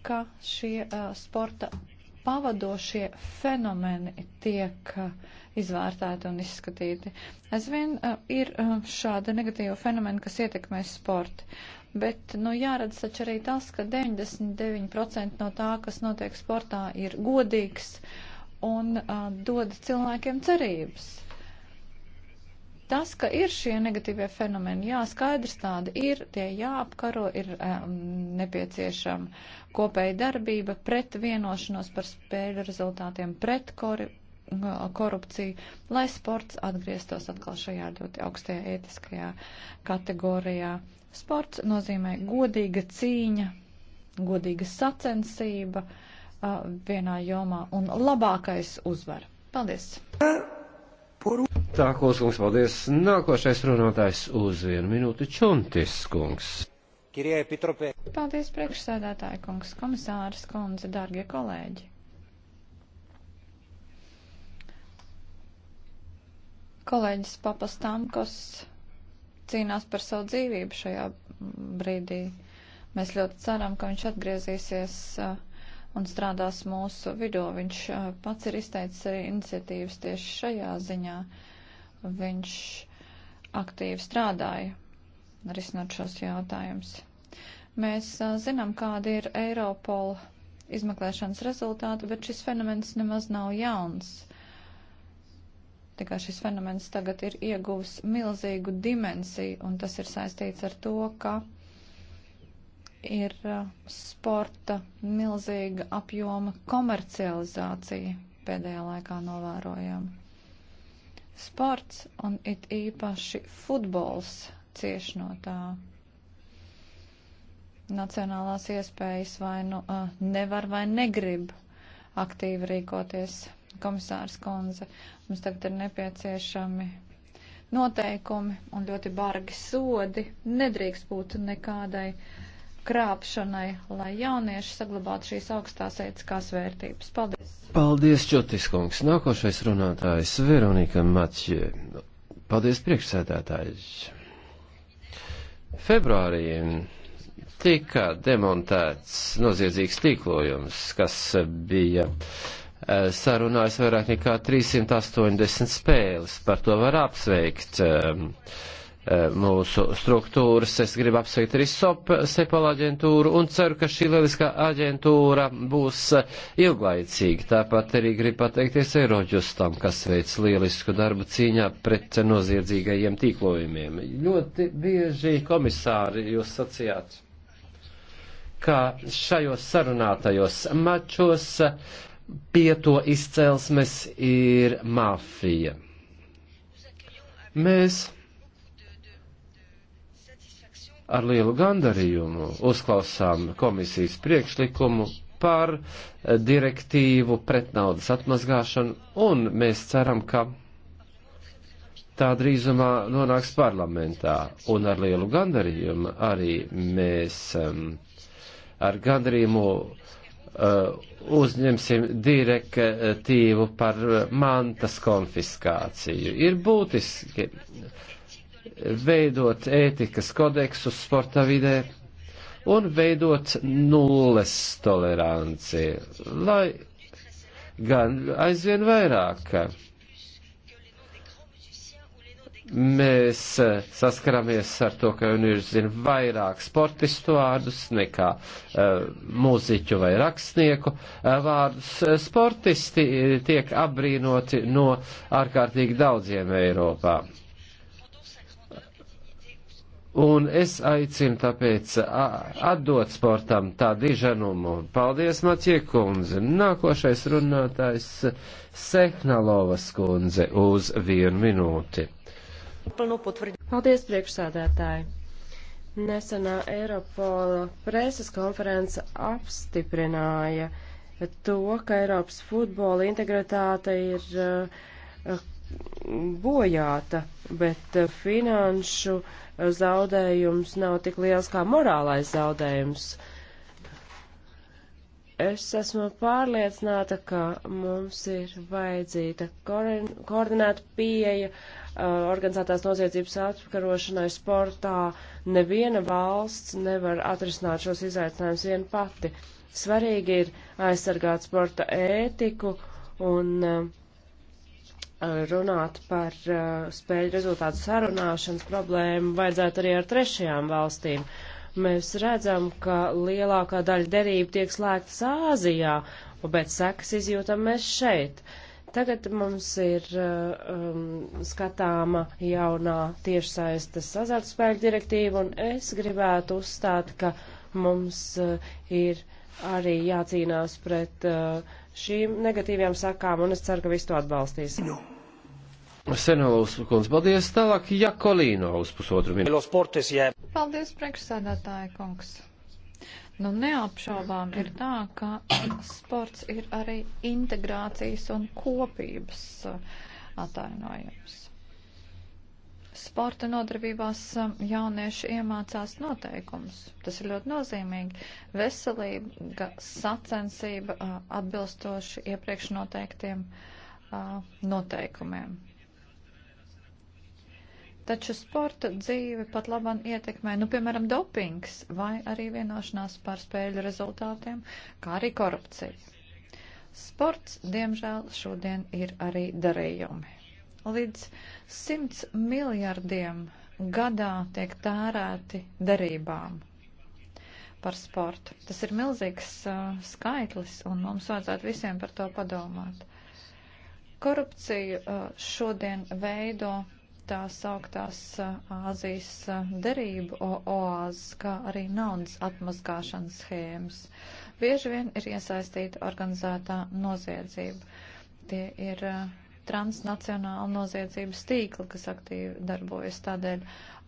ka šie uh, sporta pavadošie fenomeni tiek uh, izvērtēti un izskatīti. Aizvien uh, ir uh, šāda negatīva fenomena, kas ietekmē sporti. Bet, nu, jāredz taču arī tas, ka 99% no tā, kas notiek sportā, ir godīgs un uh, dod cilvēkiem cerības. Tas, ka ir šie negatīvie fenomeni, jā, skaidrs tādi ir, tie jāapkaro, ir um, nepieciešama kopēja darbība pret vienošanos par spēļu rezultātiem, pret koru, Uh, korupciju, lai sports atgrieztos atkal šajā ļoti augstajā ētiskajā kategorijā. Sports nozīmē godīga cīņa, godīga sacensība uh, vienā jomā un labākais uzvar. Paldies! Tā, Kolskungs, paldies! Nākošais runātājs uz vienu minūti Čuntis kungs. Paldies, priekšsēdētāji kungs, komisārs kundze, dārgie kolēģi! Kolēģis papastām, kas cīnās par savu dzīvību šajā brīdī. Mēs ļoti ceram, ka viņš atgriezīsies uh, un strādās mūsu vidū. Viņš uh, pats ir izteicis arī iniciatīvas tieši šajā ziņā. Viņš aktīvi strādāja risinot šos jautājumus. Mēs uh, zinām, kāda ir Eiropola izmeklēšanas rezultāti, bet šis fenomens nemaz nav jauns. Tā kā šis fenomens tagad ir ieguvis milzīgu dimensiju, un tas ir saistīts ar to, ka ir uh, sporta milzīga apjoma komercializācija pēdējā laikā novērojama. Sports un it īpaši futbols cieš no tā nacionālās iespējas vai nu uh, nevar vai negrib aktīvi rīkoties komisārs Konze, mums tagad ir nepieciešami noteikumi un ļoti bargi sodi. Nedrīkst būt nekādai krāpšanai, lai jaunieši saglabātu šīs augstās ētiskās vērtības. Paldies! Paldies, Čotis kungs! Nākošais runātājs Veronika Maķie. Paldies, priekšsēdētājs! Februārī tika demontēts noziedzīgs tīklojums, kas bija uh, Eh, sarunājas vairāk nekā 380 spēles. Par to var apsveikt ehm, eh, mūsu struktūras. Es gribu apsveikt arī SOP Sepala aģentūru un ceru, ka šī lieliskā aģentūra būs eh, ilglaicīga. Tāpat arī gribu pateikties Eiroģustam, kas veic lielisku darbu cīņā pret noziedzīgajiem tīklojumiem. Ļoti bieži komisāri jūs sacījāt ka šajos sarunātajos mačos uh, pie to izcelsmes ir mafija. Mēs ar lielu gandarījumu uzklausām komisijas priekšlikumu par direktīvu pret naudas atmazgāšanu, un mēs ceram, ka tā drīzumā nonāks parlamentā. Un ar lielu gandarījumu arī mēs um, ar gandarījumu uh, Uh, uzņemsim direktīvu par mantas konfiskāciju. Ir būtiski veidot ētikas kodeksu sporta vidē un veidot nulles toleranci, lai gan aizvien vairāk mēs eh, saskaramies ar to, ka jaunieši zina vairāk sportistu vārdus nekā uh, eh, mūziķu vai rakstnieku uh, vārdus. Sportisti tiek apbrīnoti no ārkārtīgi daudziem Eiropā. Un es aicinu tāpēc atdot sportam tā diženumu. Paldies, Macie kundze. Nākošais runātājs Sehnalovas kundze uz vienu minūti. Paldies, priekšsādātāji! Nesenā Eiropola preses konference apstiprināja to, ka Eiropas futbola integritāte ir uh, bojāta, bet uh, finanšu eh, zaudējums nav tik liels kā morālais zaudējums. Uh, Es esmu pārliecināta, ka mums ir vajadzīga koordinēta pieeja uh, organizētās noziedzības atkarošanai sportā. Neviena valsts nevar atrisināt šos izaicinājumus viena pati. Svarīgi ir aizsargāt sporta ētiku un uh, runāt par uh, spēļu rezultātu sarunāšanas problēmu vajadzētu arī ar trešajām valstīm. Uh, mēs redzam, ka lielākā daļa derību tiek slēgtas Āzijā, bet sekas izjūtam mēs šeit. Tagad mums ir uh, um, skatāma jaunā tiešsaistes azartspēļu direktīva, un es gribētu uzstāt, ka mums uh, ir arī jācīnās pret uh, šīm negatīvajām sakām, un es ceru, ka visu to atbalstīs. No. Nu. Senelovs kundze, paldies. Tālāk Jakolīno uz pusotru minūti. Paldies, priekšsēdētāja kungs. Nu, neapšaubām ir tā, ka sports ir arī integrācijas un kopības uh, atainojums. Sporta nodarbībās um, jaunieši iemācās noteikumus. Tas ir ļoti nozīmīgi. Veselība, sacensība uh, atbilstoši iepriekš noteiktiem uh, noteikumiem. Taču sporta dzīve pat labam ietekmē, nu, piemēram, dopings vai arī vienošanās par spēļu rezultātiem, kā arī korupcija. Sports, diemžēl, šodien ir arī darījumi. Līdz 100 miljardiem gadā tiek tērēti darībām par sportu. Tas ir milzīgs uh, skaitlis, un mums vajadzētu visiem par to padomāt. Korupciju uh, šodien veido tā sauktās Āzijas derību oāzes, kā arī naudas atmazgāšanas schēmas. Bieži vien ir iesaistīta organizētā noziedzība. Tie ir transnacionāla noziedzības tīkli, kas aktīvi darbojas. Tādēļ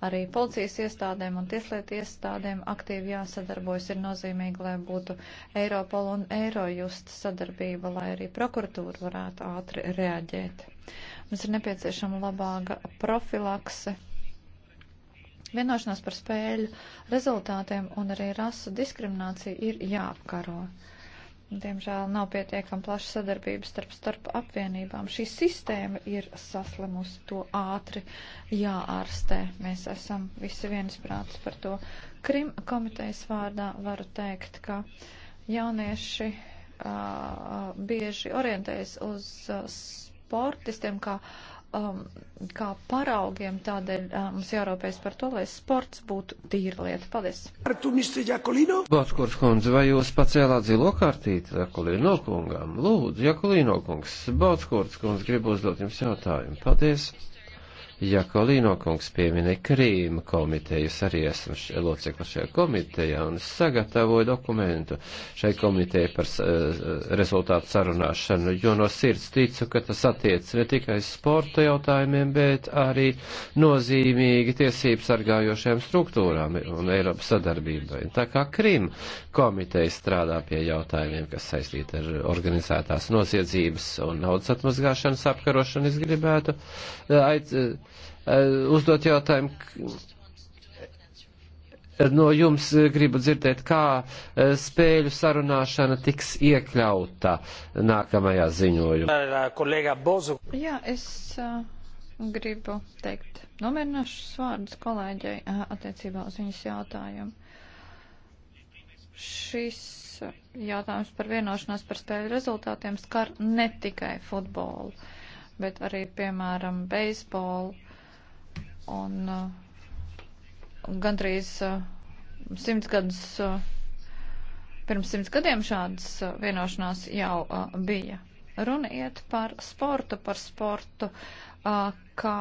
arī policijas iestādēm un tieslietu iestādēm aktīvi jāsadarbojas. Ir nozīmīgi, lai būtu Eiropola un Eirojust sadarbība, lai arī prokuratūra varētu ātri reaģēt. Mums ir nepieciešama labāka profilakse. Vienošanās par spēļu rezultātiem un arī rasu diskrimināciju ir jāapkaro. Diemžēl nav pietiekama plaša sadarbība starp starp apvienībām. Šī sistēma ir saslimusi, to ātri jāārstē. Mēs esam visi viensprāts par to. Krim komitejas vārdā varu teikt, ka jaunieši uh, bieži orientējas uz uh, sportistiem kā, um, kā paraugiem. Tādēļ um, mums jārūpējas par to, lai sports būtu tīra lieta. Paldies! Boskurs kundze, vai jūs pacēlāt zilo kartīti Jakolino kungam? Lūdzu, Jakolino kungs, Boskurs kundze, gribu uzdot jums jautājumu. Paldies! Jakolīno kungs pieminēja Krīma komiteju, es arī esmu locekli šajā komitejā un sagatavoju dokumentu šai komitejai par uh, rezultātu sarunāšanu, jo no sirds ticu, ka tas attiec ne tikai sporta jautājumiem, bet arī nozīmīgi tiesību sargājošajām struktūrām un Eiropas sadarbībai. Tā kā Krīma komiteja strādā pie jautājumiem, kas saistīti ar organizētās noziedzības un naudas atmazgāšanas apkarošanu, es gribētu uh, eh, aicināt eh, Eh, uzdot jautājumu, no jums eh, gribu dzirdēt, kā eh, spēļu sarunāšana tiks iekļauta nākamajā ziņojumā. Jā, es gribu teikt nomierināšus vārdus kolēģei attiecībā uz viņas jautājumu. Šis jautājums par vienošanās par spēļu rezultātiem skar ne tikai futbolu, bet arī, piemēram, beisbolu un uh, gandrīz uh, simts gadus, uh, pirms simts gadiem šādas uh, vienošanās jau uh, bija. Runa iet par sportu, par sportu, uh, kā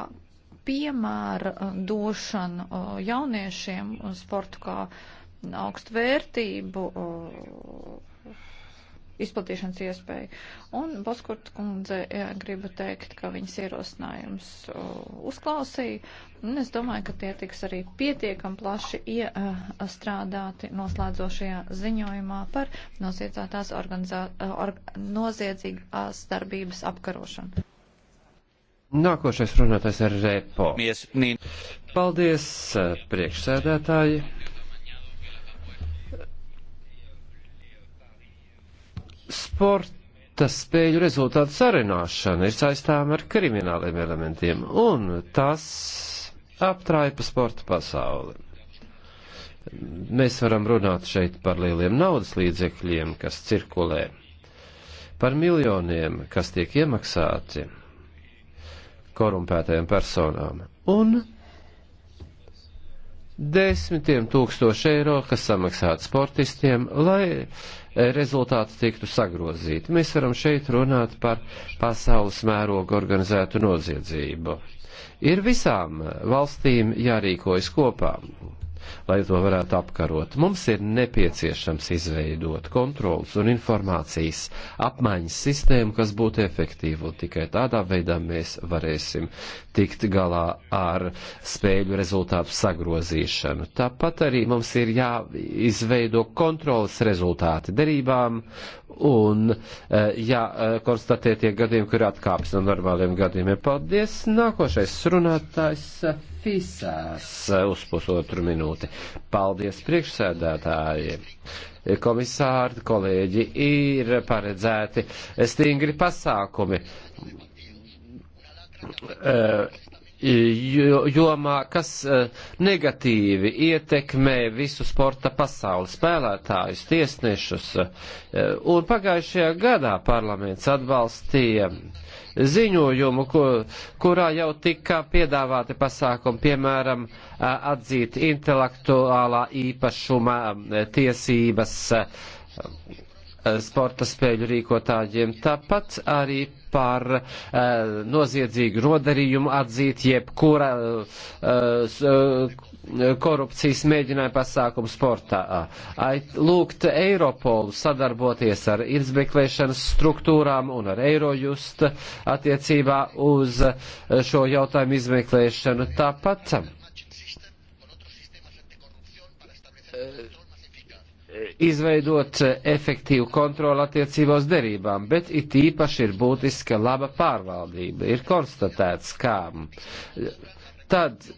piemēra uh, došanu uh, jauniešiem, uh, sportu kā augstu vērtību. Uh, izplatīšanas iespēju. Un Boskurt kundze jā, gribu teikt, ka viņas ierosinājums uzklausīja, un es domāju, ka tie tiks arī pietiekam plaši iestrādāti noslēdzošajā ziņojumā par noziedzētās org noziedzīgās darbības apkarošanu. Nākošais runātājs ir Repo. Paldies, priekšsēdētāji. sporta spēļu rezultātu sarunāšana ir saistāma ar krimināliem elementiem, un tas aptraipa sporta pasauli. Mēs varam runāt šeit par lieliem naudas līdzekļiem, kas cirkulē, par miljoniem, kas tiek iemaksāti korumpētajām personām, un desmitiem tūkstoši eiro, kas samaksāti sportistiem, lai rezultāti tiktu sagrozīti. Mēs varam šeit runāt par pasaules mērogu organizētu noziedzību. Ir visām valstīm jārīkojas kopā lai to varētu apkarot. Mums ir nepieciešams izveidot kontrols un informācijas apmaiņas sistēmu, kas būtu efektīva, un tikai tādā veidā mēs varēsim tikt galā ar spēļu rezultātu sagrozīšanu. Tāpat arī mums ir jāizveido kontrols rezultāti derībām un eh, jākonstatē eh, tie gadījumi, kur atkāpjas no normāliem gadījumiem. Paldies! Nākošais runātājs. Eh, Fisās eh, uz pusotru minūti. Paldies priekšsēdētāji! Eh, komisāri, kolēģi, ir paredzēti stingri pasākumi eh, jomā, kas negatīvi ietekmē visu sporta pasauli spēlētājus, tiesnešus. Un pagājušajā gadā parlaments atbalstīja ziņojumu, kur, kurā jau tika piedāvāti pasākumi, piemēram, atzīt intelektuālā īpašuma tiesības Eh, sporta spēļu rīkotājiem, tāpat arī par uh, noziedzīgu nodarījumu atzīt jebkura uh, uh, korupcijas mēģināja pasākumu sportā. Ait, lūgt Eiropolu sadarboties ar izmeklēšanas struktūrām un ar Eirojust attiecībā uz šo jautājumu izmeklēšanu. Tāpat izveidot eh, efektīvu kontroli attiecībā uz derībām, bet it īpaši ir būtiska laba pārvaldība. Ir konstatēts, kā eh, tad,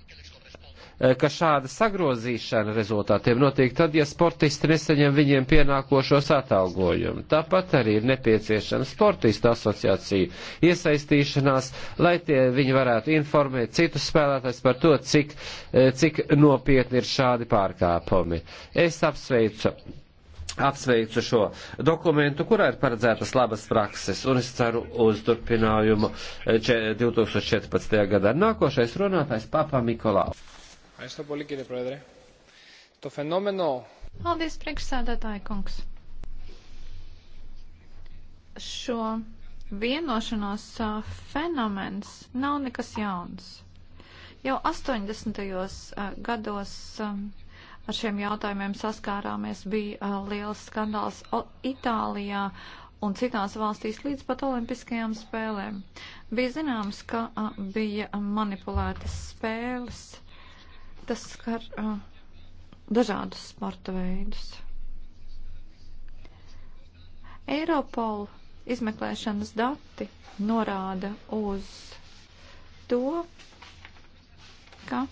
Eh, ka šāda sagrozīšana rezultātiem notiek tad, ja sportisti nesaņem viņiem pienākošos atalgojumu. Tāpat arī ir nepieciešama sportista asociācija iesaistīšanās, lai tie viņi varētu informēt citus spēlētājs par to, cik, eh, cik nopietni ir šādi pārkāpumi. Es apsveicu apsveicu šo dokumentu, kurā ir paredzētas labas prakses, un es ceru uz turpinājumu 2014. Eh, gadā. Nākošais runātājs Papa Nikolau. Ευχαριστώ πολύ κύριε Πρόεδρε. Το φαινόμενο... Paldies, priekšsēdētāji kungs. Šo vienošanos fenomens nav nekas jauns. Jau 80. gados ar šiem jautājumiem saskārāmies, bija liels skandāls Itālijā un citās valstīs līdz pat olimpiskajām spēlēm. Bija zināms, ka bija manipulētas spēles tas skar uh, dažādus sporta veidus. Eiropola izmeklēšanas dati norāda uz to, ka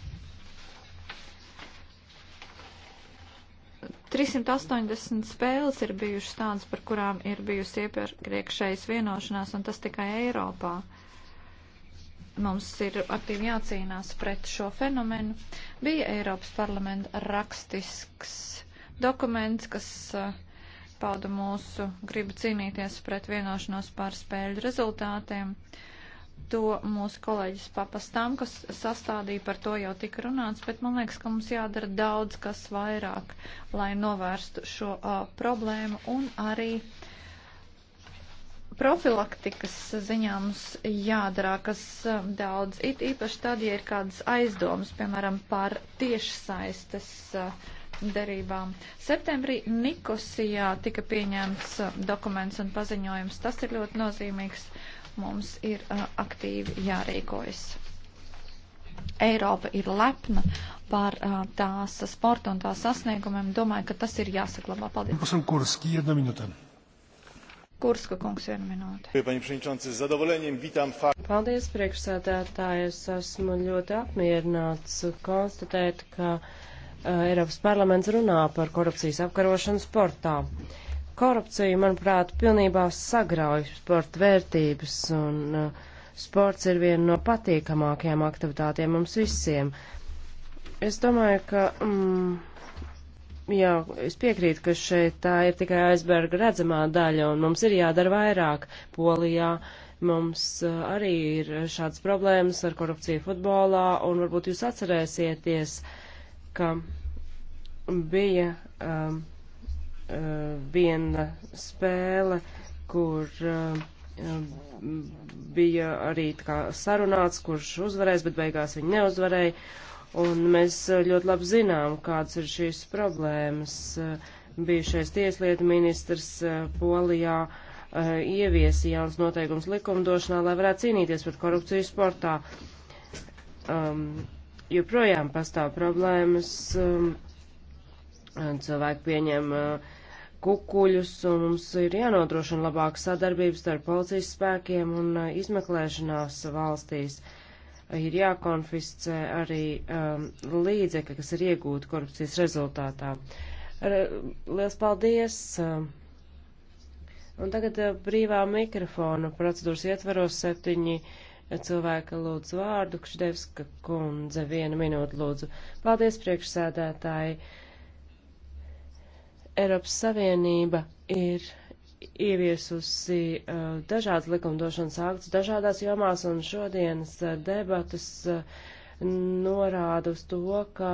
380 spēles ir bijušas tādas, par kurām ir bijusi iepriekšējas vienošanās, un tas tikai Eiropā. Uh, mums ir aktīvi jācīnās pret šo fenomenu, bija Eiropas parlamenta rakstisks dokuments, kas eh, pauda mūsu gribu cīnīties pret vienošanos par spēļu rezultātiem. To mūsu kolēģis papastām, kas sastādīja par to jau tika runāts, bet man liekas, ka mums jādara daudz kas vairāk, lai novērstu šo uh, problēmu un arī uh, profilaktikas ziņā mums jādarā, kas eh, daudz, it īpaši tad, ja ir kādas aizdomas, piemēram, par tiešsaistes eh, derībām. Septembrī Nikosijā tika pieņemts eh, dokuments un paziņojums. Tas ir ļoti nozīmīgs. Mums ir aktīvi jārīkojas. Eiropa ir lepna par uh, tās sporta un tās sasniegumiem. Domāju, ka tas ir jāsaglabā. Paldies. Kurska kungs vienu minūti. Paldies, priekšsēdētāji. Es esmu ļoti apmierināts konstatēt, ka uh, Eiropas parlaments runā par korupcijas apkarošanu sportā. Korupcija, manuprāt, pilnībā sagrauj sporta vērtības un uh, sports ir viena no patīkamākajām aktivitātēm mums visiem. Es domāju, ka mm, Jā, es piekrītu, ka šeit tā ir tikai aizberga redzamā daļa, un mums ir jādara vairāk polijā. Mums uh, arī ir šādas problēmas ar korupciju futbolā, un varbūt jūs atcerēsieties, ka bija um, uh, viena spēle, kur uh, bija arī tā kā sarunāts, kurš uzvarēs, bet beigās viņi neuzvarēja. Un mēs eh, ļoti labi zinām, kādas ir šīs problēmas. Eh, bijušais tieslietu ministrs eh, Polijā ieviesi jauns noteikums likumdošanā, lai varētu cīnīties pret korupciju sportā. Um, joprojām pastāv problēmas, um, cilvēki pieņem uh, kukuļus, un mums ir jānodrošina labāka sadarbības starp policijas spēkiem un uh, izmeklēšanās valstīs. Uh, ir jākonfiscē arī um, līdzekļi, kas ir iegūti korupcijas rezultātā. Ar, liels paldies! Um, un tagad uh, brīvā mikrofona procedūras ietvaros septiņi cilvēka lūdzu vārdu. Kšdevska kundze, viena minūte lūdzu. Paldies, priekšsēdētāji! Eiropas Savienība ir ieviesusi uh, dažādas likumdošanas aktus dažādās jomās, un šodienas uh, debatas uh, norāda uz to, ka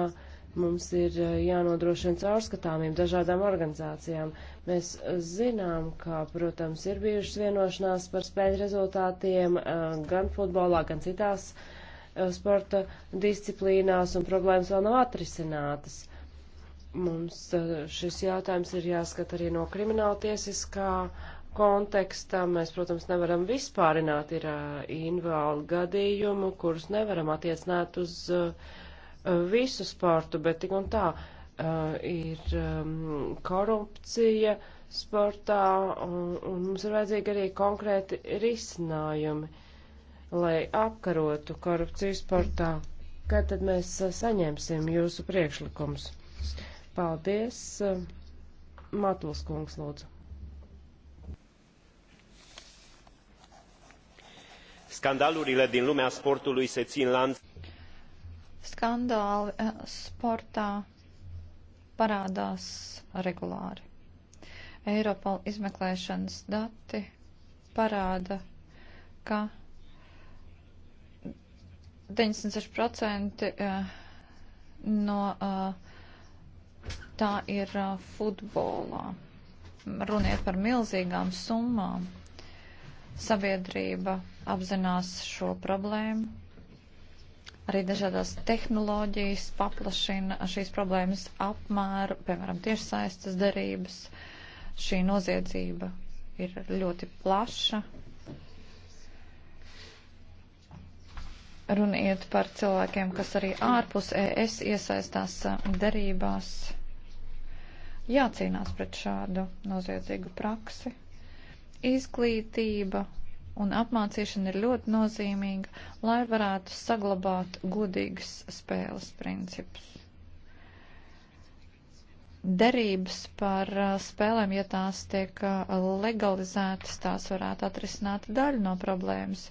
mums ir uh, jānodrošina caurskatāmību dažādām organizācijām. Mēs zinām, ka, protams, ir bijušas vienošanās par spēļu rezultātiem uh, gan futbolā, gan citās uh, sporta disciplīnās, un problēmas vēl nav atrisinātas. Uh, Mums eh, šis jautājums ir jāskat arī no krimināla tiesiskā kontekstā. Mēs, protams, nevaram vispārināt ir eh, invālu gadījumu, kurus nevaram attiecināt uz eh, visu sportu, bet tik un tā ir ehm, korupcija sportā, un mums ir vajadzīgi arī konkrēti risinājumi, lai apkarotu korupciju sportā. Kad tad mēs saņemsim jūsu priekšlikumus? Paldies. Matuls kungs, lūdzu. Scandalurile din lumea sportului se țin lanț. Skandāli eh, sportā parādās regulāri. Eiropola izmeklēšanas dati parāda, ka 96% eh, no uh, tā ir uh, futbolā. Runiet par milzīgām summām. Sabiedrība apzinās šo problēmu. Arī dažādās tehnoloģijas paplašina šīs problēmas apmēru, piemēram, tiešsaistes darības. Šī noziedzība ir ļoti plaša. Runiet par cilvēkiem, kas arī ārpus ES iesaistās darībās jācīnās pret šādu noziedzīgu praksi. Izglītība un apmācīšana ir ļoti nozīmīga, lai varētu saglabāt godīgas spēles principus. Derības par uh, spēlēm, ja tās tiek uh, legalizētas, tās varētu atrisināt daļu no problēmas,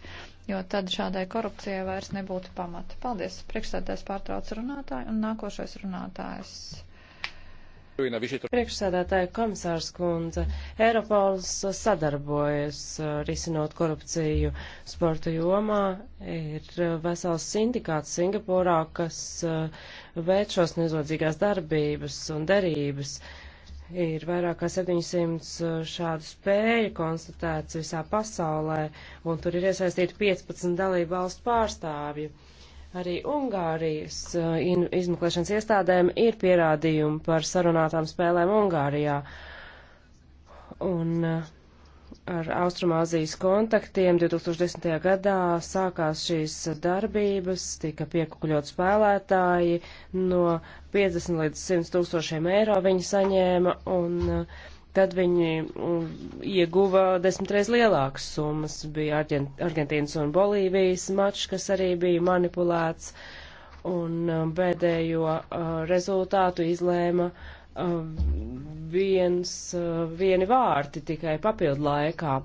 jo tad šādai korupcijai vairs nebūtu pamata. Paldies, priekšsēdētājs pārtrauc runātāju un nākošais runātājs. Priekšsēdētāja komisārs kundze, Eiropols sadarbojas uh, risinot korupciju sporta jomā. Ir uh, vesels sindikāts Singapūrā, kas uh, veic šos nezodzīgās darbības un derības. Ir vairāk kā 700 šādu spēju konstatēts visā pasaulē, un tur ir iesaistīti 15 dalību valstu pārstāvju. Uh, Arī Ungārijas uh, izmeklēšanas iestādēm ir pierādījumi par sarunātām spēlēm Ungārijā. Un uh, ar Austrumāzijas kontaktiem 2010. gadā sākās šīs darbības, tika piekukuļot spēlētāji, no 50 līdz 100 tūkstošiem eiro viņi saņēma, un uh, tad viņi mm, ieguva desmitreiz lielākas summas. Bija Argent Argentīnas un Bolīvijas mačs, kas arī bija manipulēts, un um, pēdējo uh, rezultātu izlēma uh, viens, uh, vieni vārti tikai papildu laikā.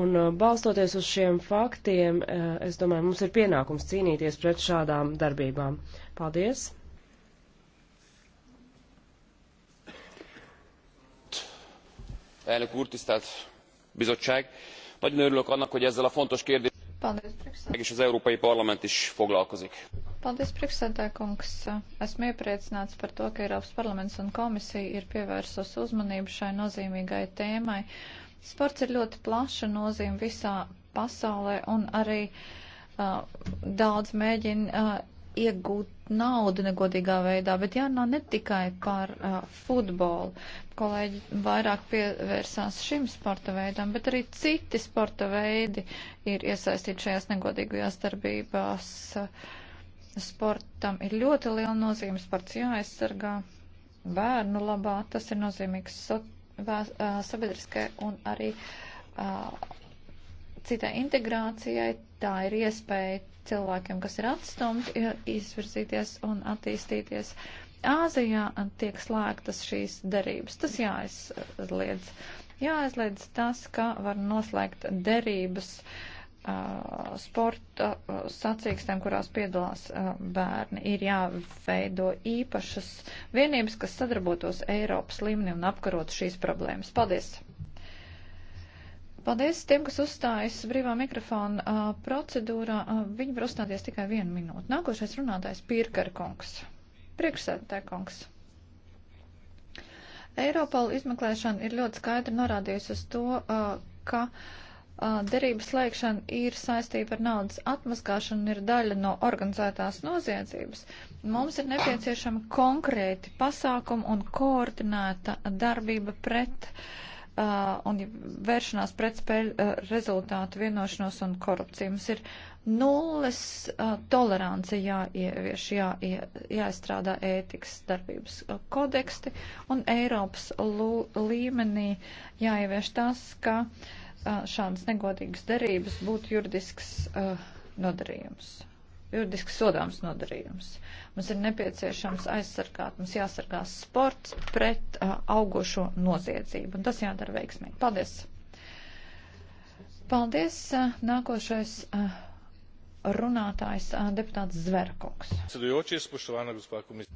Un uh, balstoties uz šiem faktiem, uh, es domāju, mums ir pienākums cīnīties pret šādām darbībām. Paldies! elnök úr tisztelt bizottság nagyon örülök annak hogy ezzel a fontos kérdéssel és az európai parlament is foglalkozik. Paldies, priekšsēdētājkungs. Esmu iepriecināts par to, ka Eiropas parlaments un komisija ir pievērsus uzmanību šai nozīmīgai tēmai. Sports ir ļoti plaša nozīme visā pasaulē un arī uh, daudz mēģina uh, iegūt naudu negodīgā veidā, bet jārunā ne tikai par uh, futbolu. Kolēģi vairāk pievērsās šim sporta veidam, bet arī citi sporta veidi ir iesaistīti šajās negodīgajās darbībās. Sportam ir ļoti liela nozīme, sports jāaizsargā bērnu labā, tas ir nozīmīgs so, vēs, uh, sabiedriskai un arī uh, citai integrācijai, tā ir iespēja cilvēkiem, kas ir atstumti, izvirzīties un attīstīties. Āzijā tiek slēgtas šīs derības. Tas jāizliedz. Jāizliedz tas, ka var noslēgt derības uh, sporta uh, sacīkstēm, kurās piedalās uh, bērni. Ir jāveido īpašas vienības, kas sadarbotos Eiropas līmenī un apkarot šīs problēmas. Paldies! Paldies tiem, kas uzstājas brīvā mikrofona uh, procedūrā. Uh, viņi var uzstāties tikai vienu minūti. Nākošais runātājs Pirkara kungs. Priekšsēdētāja kungs. Eiropola izmeklēšana ir ļoti skaidri norādījusi uz to, uh, ka derības slēgšana ir saistība ar naudas atmaskāšanu un ir daļa no organizētās noziedzības. Mums ir nepieciešama konkrēti pasākumi un koordinēta darbība pret uh, uh, un vēršanās pret spēļu uh, rezultātu vienošanos un korupciju. Mums ir nulles uh, tolerance jāievieš, jāie, jāizstrādā ētikas darbības uh, kodeksti un Eiropas līmenī jāievieš tas, ka uh, šādas negodīgas darības būtu juridisks uh, nodarījums juridiski sodāms nodarījums. Mums ir nepieciešams aizsargāt, mums jāsargā sports pret uh, augošo noziedzību, un tas jādara veiksmīgi. Paldies! Paldies! Uh, nākošais uh, runātājs uh, deputāts Zverkungs.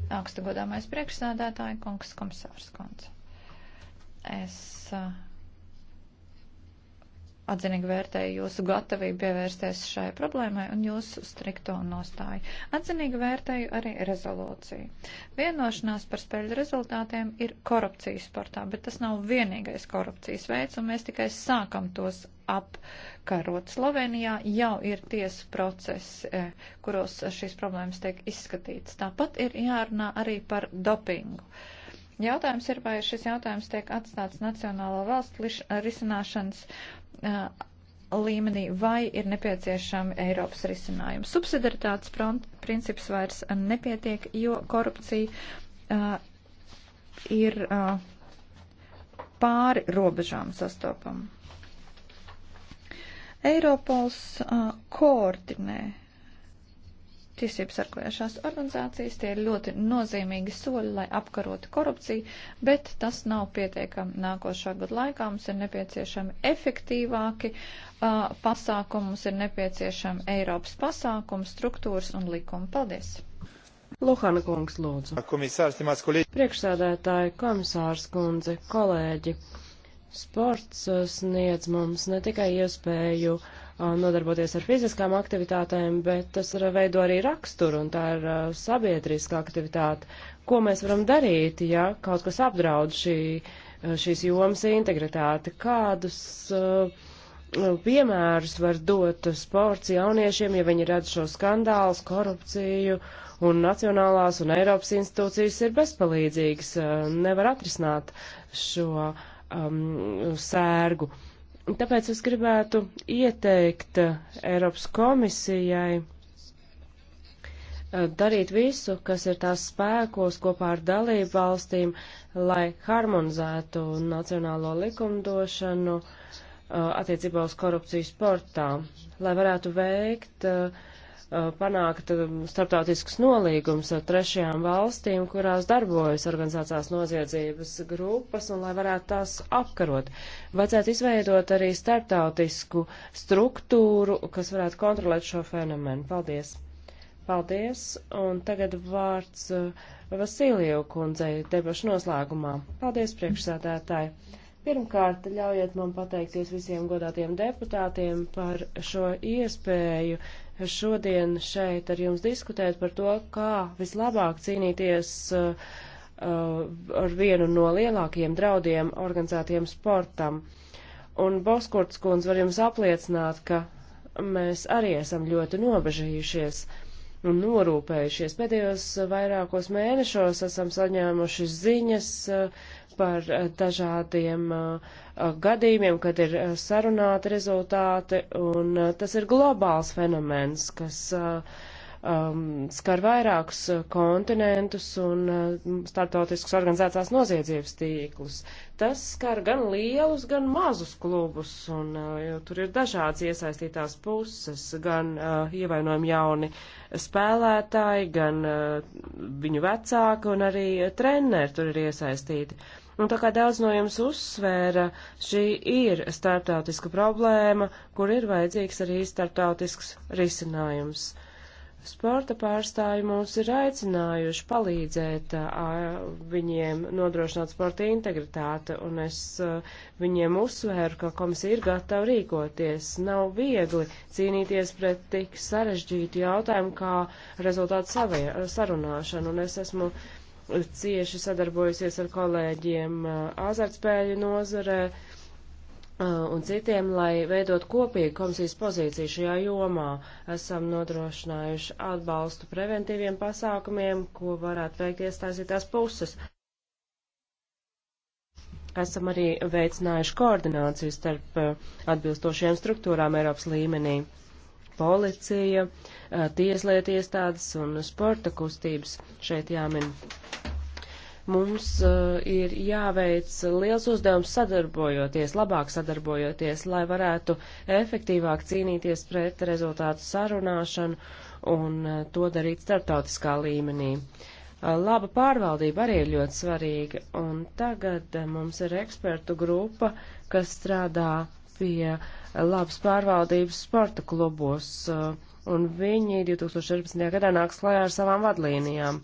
Augsta godāmais priekšsēdētāja kungs komisārs kungs. Es uh, atzinīgi vērtēju jūsu gatavību pievērsties šai problēmai un jūsu strikto nostāju. Atzinīgi vērtēju arī rezolūciju. Vienošanās par spēļu rezultātiem ir korupcijas sportā, bet tas nav vienīgais korupcijas veids, un mēs tikai sākam tos apkarot. Slovenijā jau ir tiesu procesi, eh, kuros šīs problēmas tiek izskatītas. Tāpat ir jārunā arī par dopingu. Uh, Jautājums ir, vai šis jautājums tiek atstāts nacionālo valstu liš, eh, risināšanas uh, līmenī vai ir nepieciešami Eiropas risinājumi. Subsidaritātes princips vairs nepietiek, jo korupcija uh, ir uh, pāri robežām sastopama. Eiropols uh, koordinē tiesību sarkojošās organizācijas. Tie ir ļoti nozīmīgi soļi, lai apkarotu korupciju, bet tas nav pietiekami nākošā gada laikā. Mums ir nepieciešami efektīvāki uh, pasākumi, mums ir nepieciešami Eiropas pasākumi, struktūras un likumi. Paldies! Luhana kungs, lūdzu. Komisārs, timās kolēģi. Priekšsēdētāji, komisārs kundze, kolēģi. Sports sniedz mums ne tikai iespēju uh, Uh, nodarboties ar fiziskām aktivitātēm, bet tas ar veido arī raksturu, un tā ir uh, sabiedriska aktivitāte. Ko mēs varam darīt, ja kaut kas apdraud šī, uh, šīs jomas integritāti? Kādus uh, uh, piemērus var dot sports jauniešiem, ja viņi redz šo skandālus, korupciju, un nacionālās un Eiropas institūcijas ir bezpalīdzīgas, uh, nevar atrisināt šo um, sērgu? Uh, Tāpēc es gribētu ieteikt eh, Eiropas komisijai eh, darīt visu, kas ir tās spēkos kopā ar dalību valstīm, lai harmonizētu nacionālo likumdošanu eh, attiecībā uz korupciju sportā, lai varētu veikt uh, panākt starptautiskus nolīgumus ar trešajām valstīm, kurās darbojas organizācijās noziedzības grupas, un lai varētu tās apkarot. Vajadzētu izveidot arī starptautisku struktūru, kas varētu kontrolēt šo fenomenu. Paldies! Paldies! Un tagad vārds Vasiliju kundzei debašu noslēgumā. Paldies, priekšsēdētāji! Pirmkārt, ļaujiet man pateikties visiem godātiem deputātiem par šo iespēju šodien šeit ar jums diskutēt par to, kā vislabāk cīnīties uh, uh ar vienu no lielākajiem draudiem organizētiem sportam. Un Boskurts kundze var jums apliecināt, ka mēs arī esam ļoti nobežījušies. Uh, un norūpējušies. Pēdējos vairākos mēnešos esam saņēmuši ziņas uh, par uh, dažādiem uh, gadījumiem, kad ir sarunāti rezultāti, un tas ir globāls fenomens, kas uh, um, skar vairākus uh, kontinentus un uh, startautiskus organizētās noziedzības tīklus. Tas skar gan lielus, gan mazus klubus, un uh, tur ir dažādas iesaistītās puses, gan uh, ievainojumi jauni spēlētāji, gan uh, viņu vecāki un arī uh, treneri tur ir iesaistīti. Un tā kā daudz no jums uzsvēra, šī ir starptautiska problēma, kur ir vajadzīgs arī starptautisks risinājums. Uh, Sporta pārstāji mūs ir aicinājuši palīdzēt uh, viņiem nodrošināt sporta integritāti, un es uh, viņiem uzsvēru, ka komisija ir gatava rīkoties. Nav viegli cīnīties pret tik sarežģītu jautājumu kā rezultātu savai, sarunāšanu, un es esmu cieši sadarbojusies ar kolēģiem uh, azartspēļu nozarē. Uh, Uh, un citiem, lai veidot kopīgu komisijas pozīciju šajā jomā. Esam nodrošinājuši atbalstu preventīviem pasākumiem, ko varētu veikt iestāstītās puses. Esam arī veicinājuši koordināciju starp uh, atbilstošiem struktūrām Eiropas līmenī - policija, uh, tieslietu iestādes un sporta kustības šeit jāmin. Mums uh, ir jāveic liels uzdevums sadarbojoties, labāk sadarbojoties, lai varētu efektīvāk cīnīties pret rezultātu sarunāšanu un uh, to darīt starptautiskā līmenī. Uh, laba pārvaldība arī ir ļoti svarīga, un tagad uh, mums ir ekspertu grupa, kas strādā pie labas pārvaldības sporta klubos, un viņi 2014. gadā nāks klajā ar savām vadlīnijām.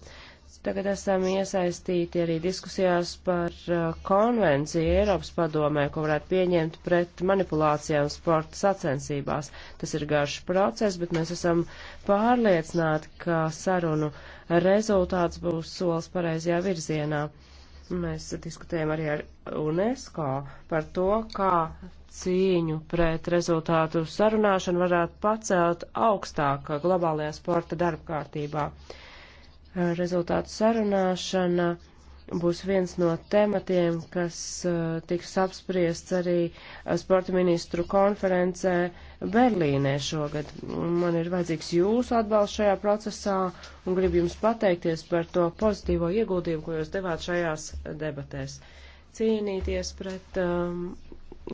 Tagad esam iesaistīti arī diskusijās par uh, konvenciju Eiropas padomē, ko varētu pieņemt pret manipulācijām sporta sacensībās. Tas ir garš process, bet mēs esam pārliecināti, ka sarunu rezultāts būs solis pareizajā virzienā. Mēs diskutējam arī ar UNESCO par to, kā cīņu pret rezultātu sarunāšanu varētu pacelt augstāk globālajā sporta darbkārtībā. kārtībā rezultātu sarunāšana būs viens no tematiem, kas eh, tiks apspriests arī eh, sporta ministru konferencē Berlīnē šogad. Man ir vajadzīgs jūsu atbalsts šajā procesā un gribu jums pateikties par to pozitīvo ieguldījumu, ko jūs devāt šajās debatēs. Cīnīties pret um,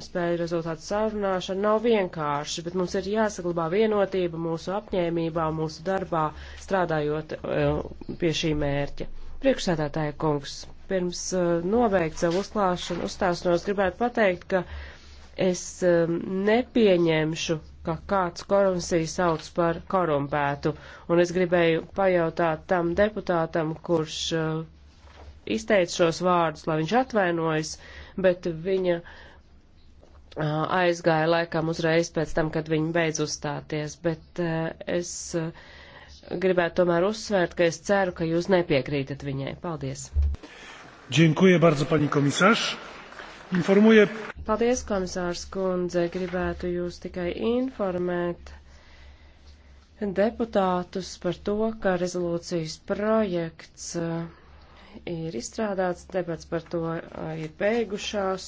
spēju rezultātu sarunāšana nav vienkārši, bet mums ir jāsaglabā vienotība mūsu apņēmībā, mūsu darbā, strādājot eh, pie šī mērķa. Priekšsēdētāja kungs, pirms eh, nobeigt savu uzklāšanu, uzstāšanos gribētu pateikt, ka es eh, nepieņemšu, ka kāds korupciju sauc par korumpētu, un es gribēju pajautāt tam deputātam, kurš izteica šos vārdus, lai viņš atvainojas, bet viņa uh, aizgāja laikam uzreiz pēc tam, kad viņi beidz uzstāties, bet es gribētu tomēr uzsvērt, ka es ceru, ka jūs nepiekrītat viņai. Paldies! Dziękuję bardzo, pani komisarz. Informuję. Paldies, komisārs kundze. Gribētu jūs tikai informēt deputātus par to, ka rezolūcijas projekts ir izstrādāts, debats par to ir beigušās.